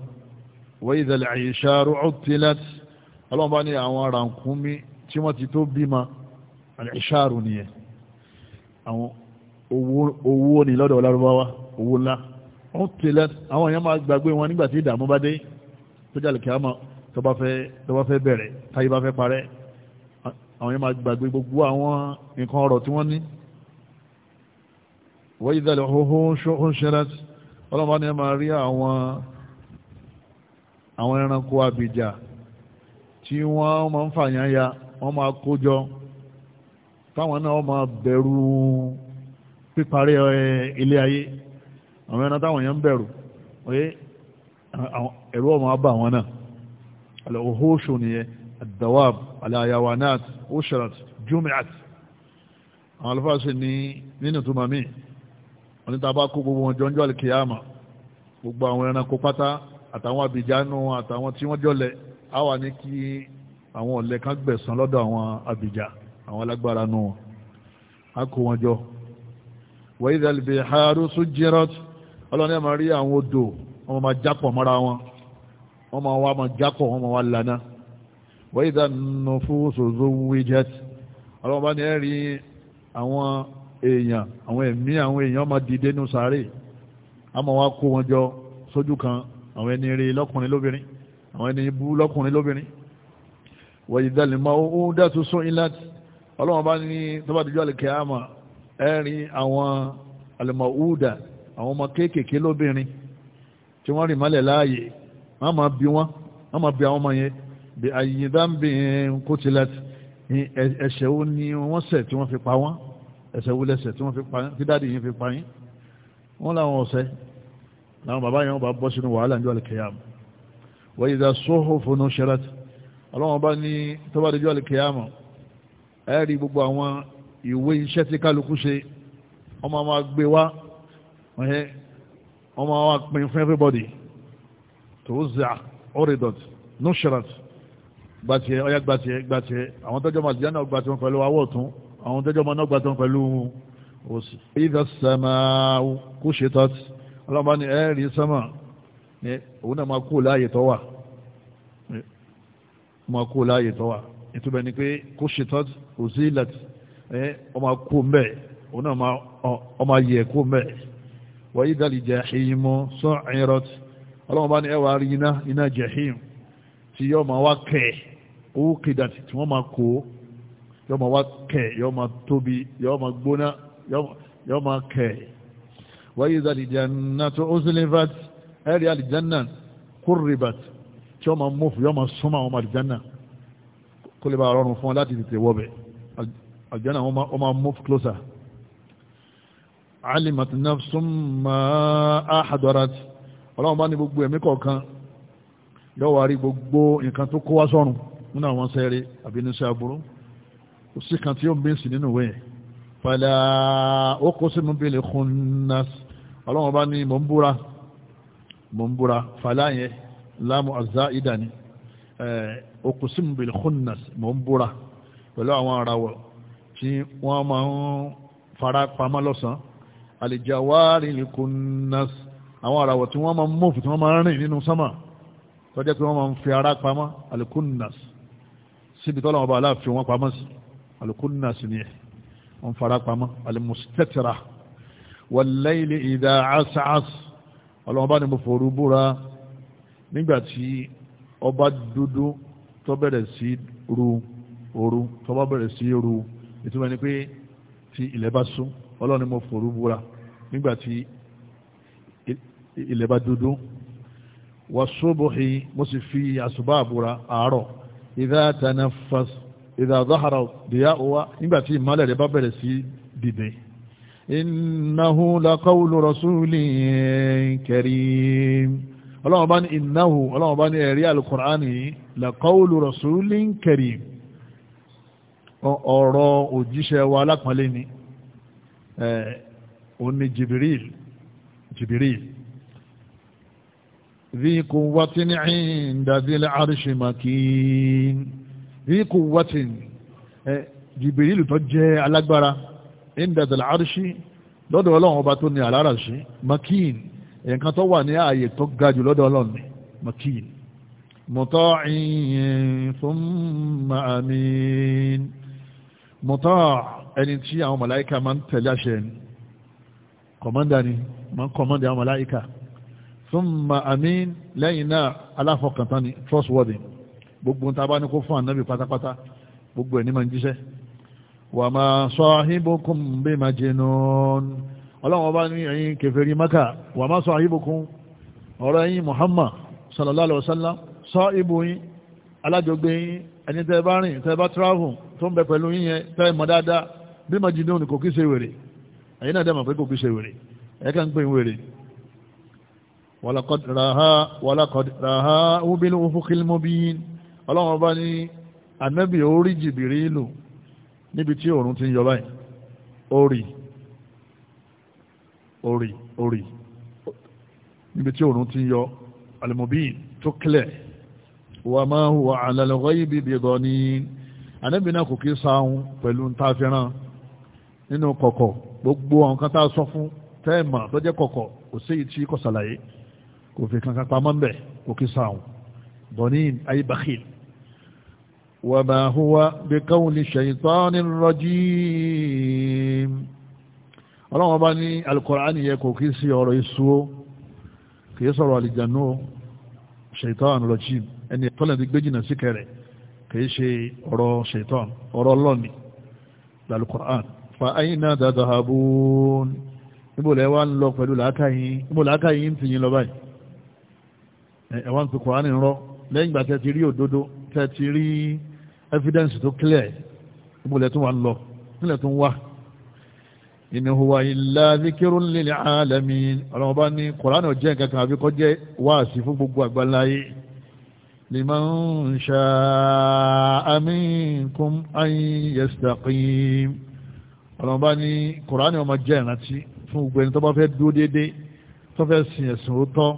wọ́n ìdàlẹ̀ àyíṣà rúùtìlẹ́tì ọlọ́run bá ní àwọn ràǹkúmí tí wọ́n ti tó bímọ àlẹ́ṣàrù nìyẹn àwọn owó ní lọ́dọ̀ lárúbáwá owó ńlá wọ́n ti lẹ́ àwọn èèyàn máa gbàgbé wọn nígbà tí ìdààmú bá dé tó jà lẹ́kẹ̀ẹ́ àmọ́ tó bá fẹ́ bẹ̀rẹ̀ táyé bá fẹ́ parẹ́ àwọn èèyàn máa gbàgbé gbogbo àwọn nǹkan ọ̀rọ̀ tí wọ́n ní wọ́n yìí dálẹ̀ hóhó ṣẹ́rẹ́ ọlọ́mọ ni máa rí àwọn ẹranko àbìjà tí wọ́n máa ń fàyàn ya wọ́n máa kó jọ káwọn náà máa bẹ̀rù píparí ilé ayé àwọn ẹran táwọn èèyàn ń bẹ̀rù oye ẹ̀rù ọmọ abá àwọn náà alẹ́hóṣù nìyẹn adawab alayawanat usharat jumiat àwọn alifáà sì ní nínú túnmà míì wọ́n ní tàbá kó gbogbo wọn jọjọ́ alìkìyàmà gbogbo àwọn ẹranko pátá àtàwọn àbìjánu àtàwọn tí wọ́n jọlẹ̀ á wà ní kí àwọn ọ̀lẹ kan gbẹ̀san lọ́dọ̀ àwọn àbìjá àwọn alágbára nù wọn a kó wọn jọ wa idhal biharu sujjirat ọlọ́ni ẹ̀ máa rí àwọn odò wọ́n máa jápọ̀ mọ́ra wọn wọ́n máa wá máa jápọ̀ wọ́n máa wá lana wa idhan nufusu zuwijat ọlọ́ba ni ẹ rí àwọn èèyàn àwọn ẹ̀mí àwọn èèyàn máa dìde nù sáré a máa wá kó wọn jọ sójú kan àwọn ẹni rí lọ́kùnrin lóbìnrin àwọn ẹni bú lọ́kùnrin lóbìnrin wa idhal maw'udatu su'ilat ọlọ́wọ́n bá ní tó bá dijọ́ àlèkẹ́ àmà ẹ̀rin àwọn àlèmọ̀údà àwọn ọmọ kéékèèké lóbìnrin tí wọ́n rìn mọ́lẹ̀ láàyè wọ́n máa bí wọ́n wọ́n máa bí àwọn ọmọ yẹn bí àyìnbámbìn kótìlẹ́tì ẹ̀ṣẹ̀ wo ni wọ́n ṣẹ̀ tí wọ́n fi pa wọ́n ẹ̀ṣẹ̀ wo lẹ́ṣẹ̀ tí wọ́n fi pa yín tí dáàdì yín fi pa yín wọ́n làwọn ọ̀sẹ̀ làwọn bàbá yẹn wọ́n bá bọ́ sínú wàhálà níjọ́ àlèkèyàmù wọ́n yìí dá sóhó fún un ṣẹlẹ́tì ọlọ́wọ́n bá ní tó bá dijọ́ àlèkèyàmù ẹ rí gbogbo àwọn ìwé iṣẹ́ tí kálukú ṣe ọmọ àwọn agbé wá ọmọ àwọn apin fún everybody tòóza oridot nusrat gbàtiẹ ọyá gbàtiẹ gbàtiẹ àwọn tọjọ ọmọ àdìyá náà gbàtiẹ wọn pẹ̀lú awọ ọ̀tún àwọn tọjọ ọmọ náà gbàtiẹ wọn pẹ̀lú òsì. ìdá sàmà kú ṣe tọ́tì ọlọ́mọba ni ẹ rí sàmà ni òun náà máa kú láàyè tó wà máa kú láàyè tó wà ìtumọ̀ ni pé kú ṣe tọ́tì uzilat ẹ ọmọ kú mbẹ òun náà ọmọ yẹ kú mbẹ wa idhal jahimu su'irat ọlọ́wọ́n bá ní ẹwà rí iná iná jahim tí yọ ma wá kẹ̀ owó kìdàtì tí wọ́n ma kó yọ ma wá kẹ̀ yọ ma tóbi yọ ma gbóná yọ ma kẹ̀ wa idhal jannatu uzlifat ẹ̀rí àlìjánà qurribat tí wọ́n ma mọ́fù yọ ma súnmọ́ àwọn àlìjánà kó lè bá rọrùn fún wọn láti tètè wọ́bẹ̀ẹ́ àjẹ́nà wọ́n máa move closer alimat nafsum ma ahadarat ọlọ́run bá ní gbogbo ẹ̀mí kọ̀ọ̀kan yóò wá rí gbogbo nǹkan tó kó wá sọ́run nínú àwọn sẹ́ẹ̀rẹ́ àbí níṣẹ́ aburú kò sí kan tí ó ń bí sí nínú ìwé fàlà ó kó sínú bí lè kún nas ọlọ́run bá ní mò ń búra mò ń búra fàlà yẹn láàmú àzá ìdání ó kó sínú bí lè kún nas mò ń búra pẹ̀lú àwọn àràwọ̀ tí wọ́n máa ń fara pamọ́ lọ́sàn àlìjàwárí lìkúnnas àwọn àràwọ̀ tí wọ́n máa ń mọ́fù tí wọ́n máa ń rìn nínú sánmà tó jẹ́ pé wọ́n máa ń fi ara pamọ́ àlìkúnnas síbi tọ́lọ̀ wọn bá aláàfin wọn pamọ́ sí àlìkúnnas ni ẹ̀ wọ́n fara pamọ́ àlìmùsítẹ́tìrà wàlẹ́yìlì ìdá asas ọlọ́wọ́n bá ní mo fòrú búra nígbà tí ọba dúdú tó bẹ̀rẹ̀ sí rú òru tó bá bẹ̀rẹ̀ sí òru ìtumọ̀ ni pé tí ilẹ̀ bá sún ọlọ́run ni mo fòru búra nígbà tí ilẹ̀ bá dúdú wà sóbòhì mo sì fi àṣùbà àbúra àárọ̀ ìdá tanafas ìdá zahara dìyà òwa nígbà tí ìmọ̀lẹ̀ rẹ̀ bá bẹ̀rẹ̀ sí dìde innahu laqawlu rasulin karim ọlọ́run bá ní innahu ọlọ́run bá ní ẹ̀rí alukur'ani laqawlu rasulin karim ọ̀rọ̀ òjíṣẹ́ wa alápọ̀nlé ni òun ni Jibril Jibril ذي قوة عند ذي العرش مكين ذي قوة جبريل تجه على قبرة عند العرش lọ́dọ̀ ọlọ́run ọba tó ní àláràṣí makin ẹ̀kan tó wà ní ààyè tó ga jù lọ́dọ̀ ọlọ́run ní makin muta'in thumma amin mọ̀tọ́ ẹni tí àwọn màláíkà máa ń tẹ̀lé àṣẹ ni kọ̀mọ́ndà ni máa ń kọ̀mọ́ndà àwọn màláíkà thumma amin lẹ́yìn náà aláfọkàntán ni trustworthy gbogbo ta bá ní kó fún ànábì pátápátá gbogbo ẹ̀ ní máa ń jíṣẹ́ wa ma sahibukum bi majnun ọlọ́run ọba ní ẹ̀yin alájọgbé yín ẹni tẹ́ bá rìn tẹ́ bá travel tó ń bẹ pẹ̀lú yín yẹn tẹ́ mọ̀ dáadáa bí mo jìnnà òní kò kí ṣe wèrè ẹ̀yin náà dẹ́ pé kò kí ṣe wèrè ẹ̀ka ń pè ń wèrè. walaqad raha walaqad raha ó bí lóun fún kílímù bí yín ọlọ́run bá ní ànábì orí jìbìrì ìlú níbi tí òòrùn ti ń yọ báyìí orí tó clear wa ma huwa ala al-ghaybi bi dhanin ànábì náà kò kí sáhun pẹ̀lú ta fẹ́ràn nínú kọ̀kọ̀ gbogbo àwọn kan tá a sọ fún tẹ́ẹ̀mà tó jẹ́ kọ̀kọ̀ kò sí ìtì kò sàlàyé kò fi kankan pamọ́ ń bẹ̀ kò kí sáhun dhanin ay bakhil wa ma huwa bi qawli shaytanir rajim ọlọ́wọ́n bá ní al yẹ kò kí sí ọ̀rọ̀ isu kì í sọ̀rọ̀ àlìjànú shaytanir rajim ẹni tọ́lẹ̀ ti gbé jìnnà sí kẹrẹ̀ kìí ṣe ọ̀rọ̀ ṣètọ́n ọ̀rọ̀ lọ́ọ̀nì lálùkọ̀án fa ayna tadhhabun níbo lẹ́ wá ń lọ pẹ̀lú làákàyín níbo làákàyín ń tìyín lọ báyìí ẹ̀wá ń pe kọ̀án ń rọ lẹ́yìn ìgbà tẹ́ ti rí òdodo tẹ́ ti rí evidence tó clear níbo lẹ́ tún ń lọ nílẹ̀ tún wá in huwa illa dhikrun lil alamin ọ̀rọ̀ ọba ní kọ̀án ò jẹ́ nǹkan kan àbíkọ́ jẹ́ wáàsí fún gbogbo àgbáláyé لمن شاء منكم أن يستقيم ọ̀nà bá ní kùránì ọmọ jẹ́ ìrántí fún gbogbo ẹni tó bá fẹ́ dúó déédéé tó fẹ́ sin ẹ̀sìn òótọ́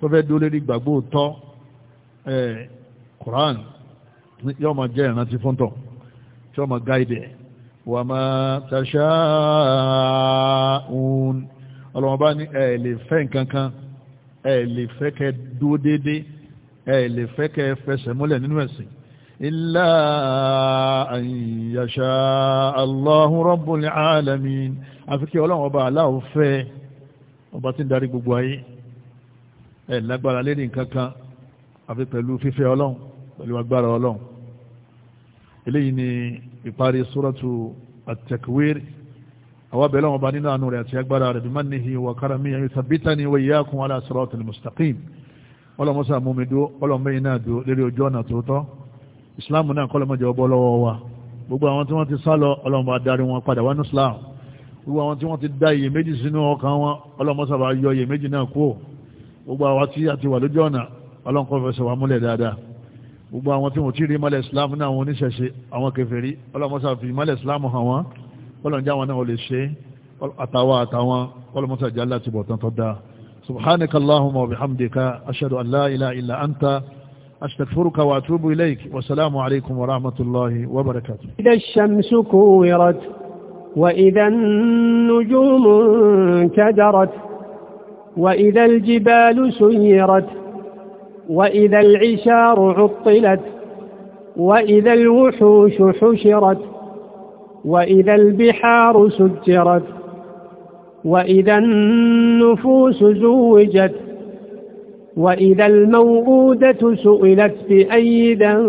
tó fẹ́ dúó lérí gbàgbọ́ òótọ́ ẹ̀ kùránì yóò máa jẹ́ ìrántí fún tọ̀ tí ó máa gáìdẹ̀ wà máa tàṣáàún ọlọ́mọba ní ẹ̀ lè fẹ́ nǹkan kan ẹ̀ lè fẹ́ kẹ́ dúó déédéé ẹ lè fẹ́ kẹ́ ẹ fẹsẹ̀ múlẹ̀ nínú ẹ̀sìn illa an yasha Allahu rabbul alamin àfi kí ọlọ́run ọba aláwọ̀ fẹ́ ọba tí ń darí gbogbo ayé ẹ lágbára lérí nǹkan kan àfi pẹ̀lú fífẹ́ ọlọ́run pẹ̀lú agbára ọlọ́run eléyìí ni ìparí suratu at àwọn abẹ́lẹ́ wọn nínú àánú rẹ̀ àti agbára rẹ̀ bí mannihi wa karamihi yuthabbitani wa iyyakum ala siratil mustaqim ọlọ́mọsá múmi dúó ọlọ́mọyìn náà dúó lérí ojú ọ̀nà tòótọ́ ìsìláàmù náà kọ́lọ́mọjọ ọbọ̀ lọ́wọ́ wa gbogbo àwọn tí wọ́n ti sálọ ọlọ́mọ adarí wọn padà wánú islam gbogbo àwọn tí wọ́n ti dá iyèméjì sínú ọkàn wọn ọlọ́mọsá bá yọ iyèméjì náà kúrò gbogbo àwọn tí a ti wà lójú ọ̀nà ọlọ́nkọ́ fẹsẹ̀ wà múlẹ̀ dáadáa gbogbo àwọn tí wọ́n ti rí mọ́lẹ̀ islam náà wọn oníṣẹ̀ṣe àwọn kèfèrí سبحانك اللهم وبحمدك أشهد أن لا إله إلا أنت أستغفرك وأتوب إليك والسلام عليكم ورحمة الله وبركاته إذا الشمس كورت وإذا النجوم انكدرت وإذا الجبال سيرت وإذا العشار عطلت وإذا الوحوش حشرت وإذا البحار سجرت وإذا النفوس زوجت وإذا الموءودة سئلت بأي ذنب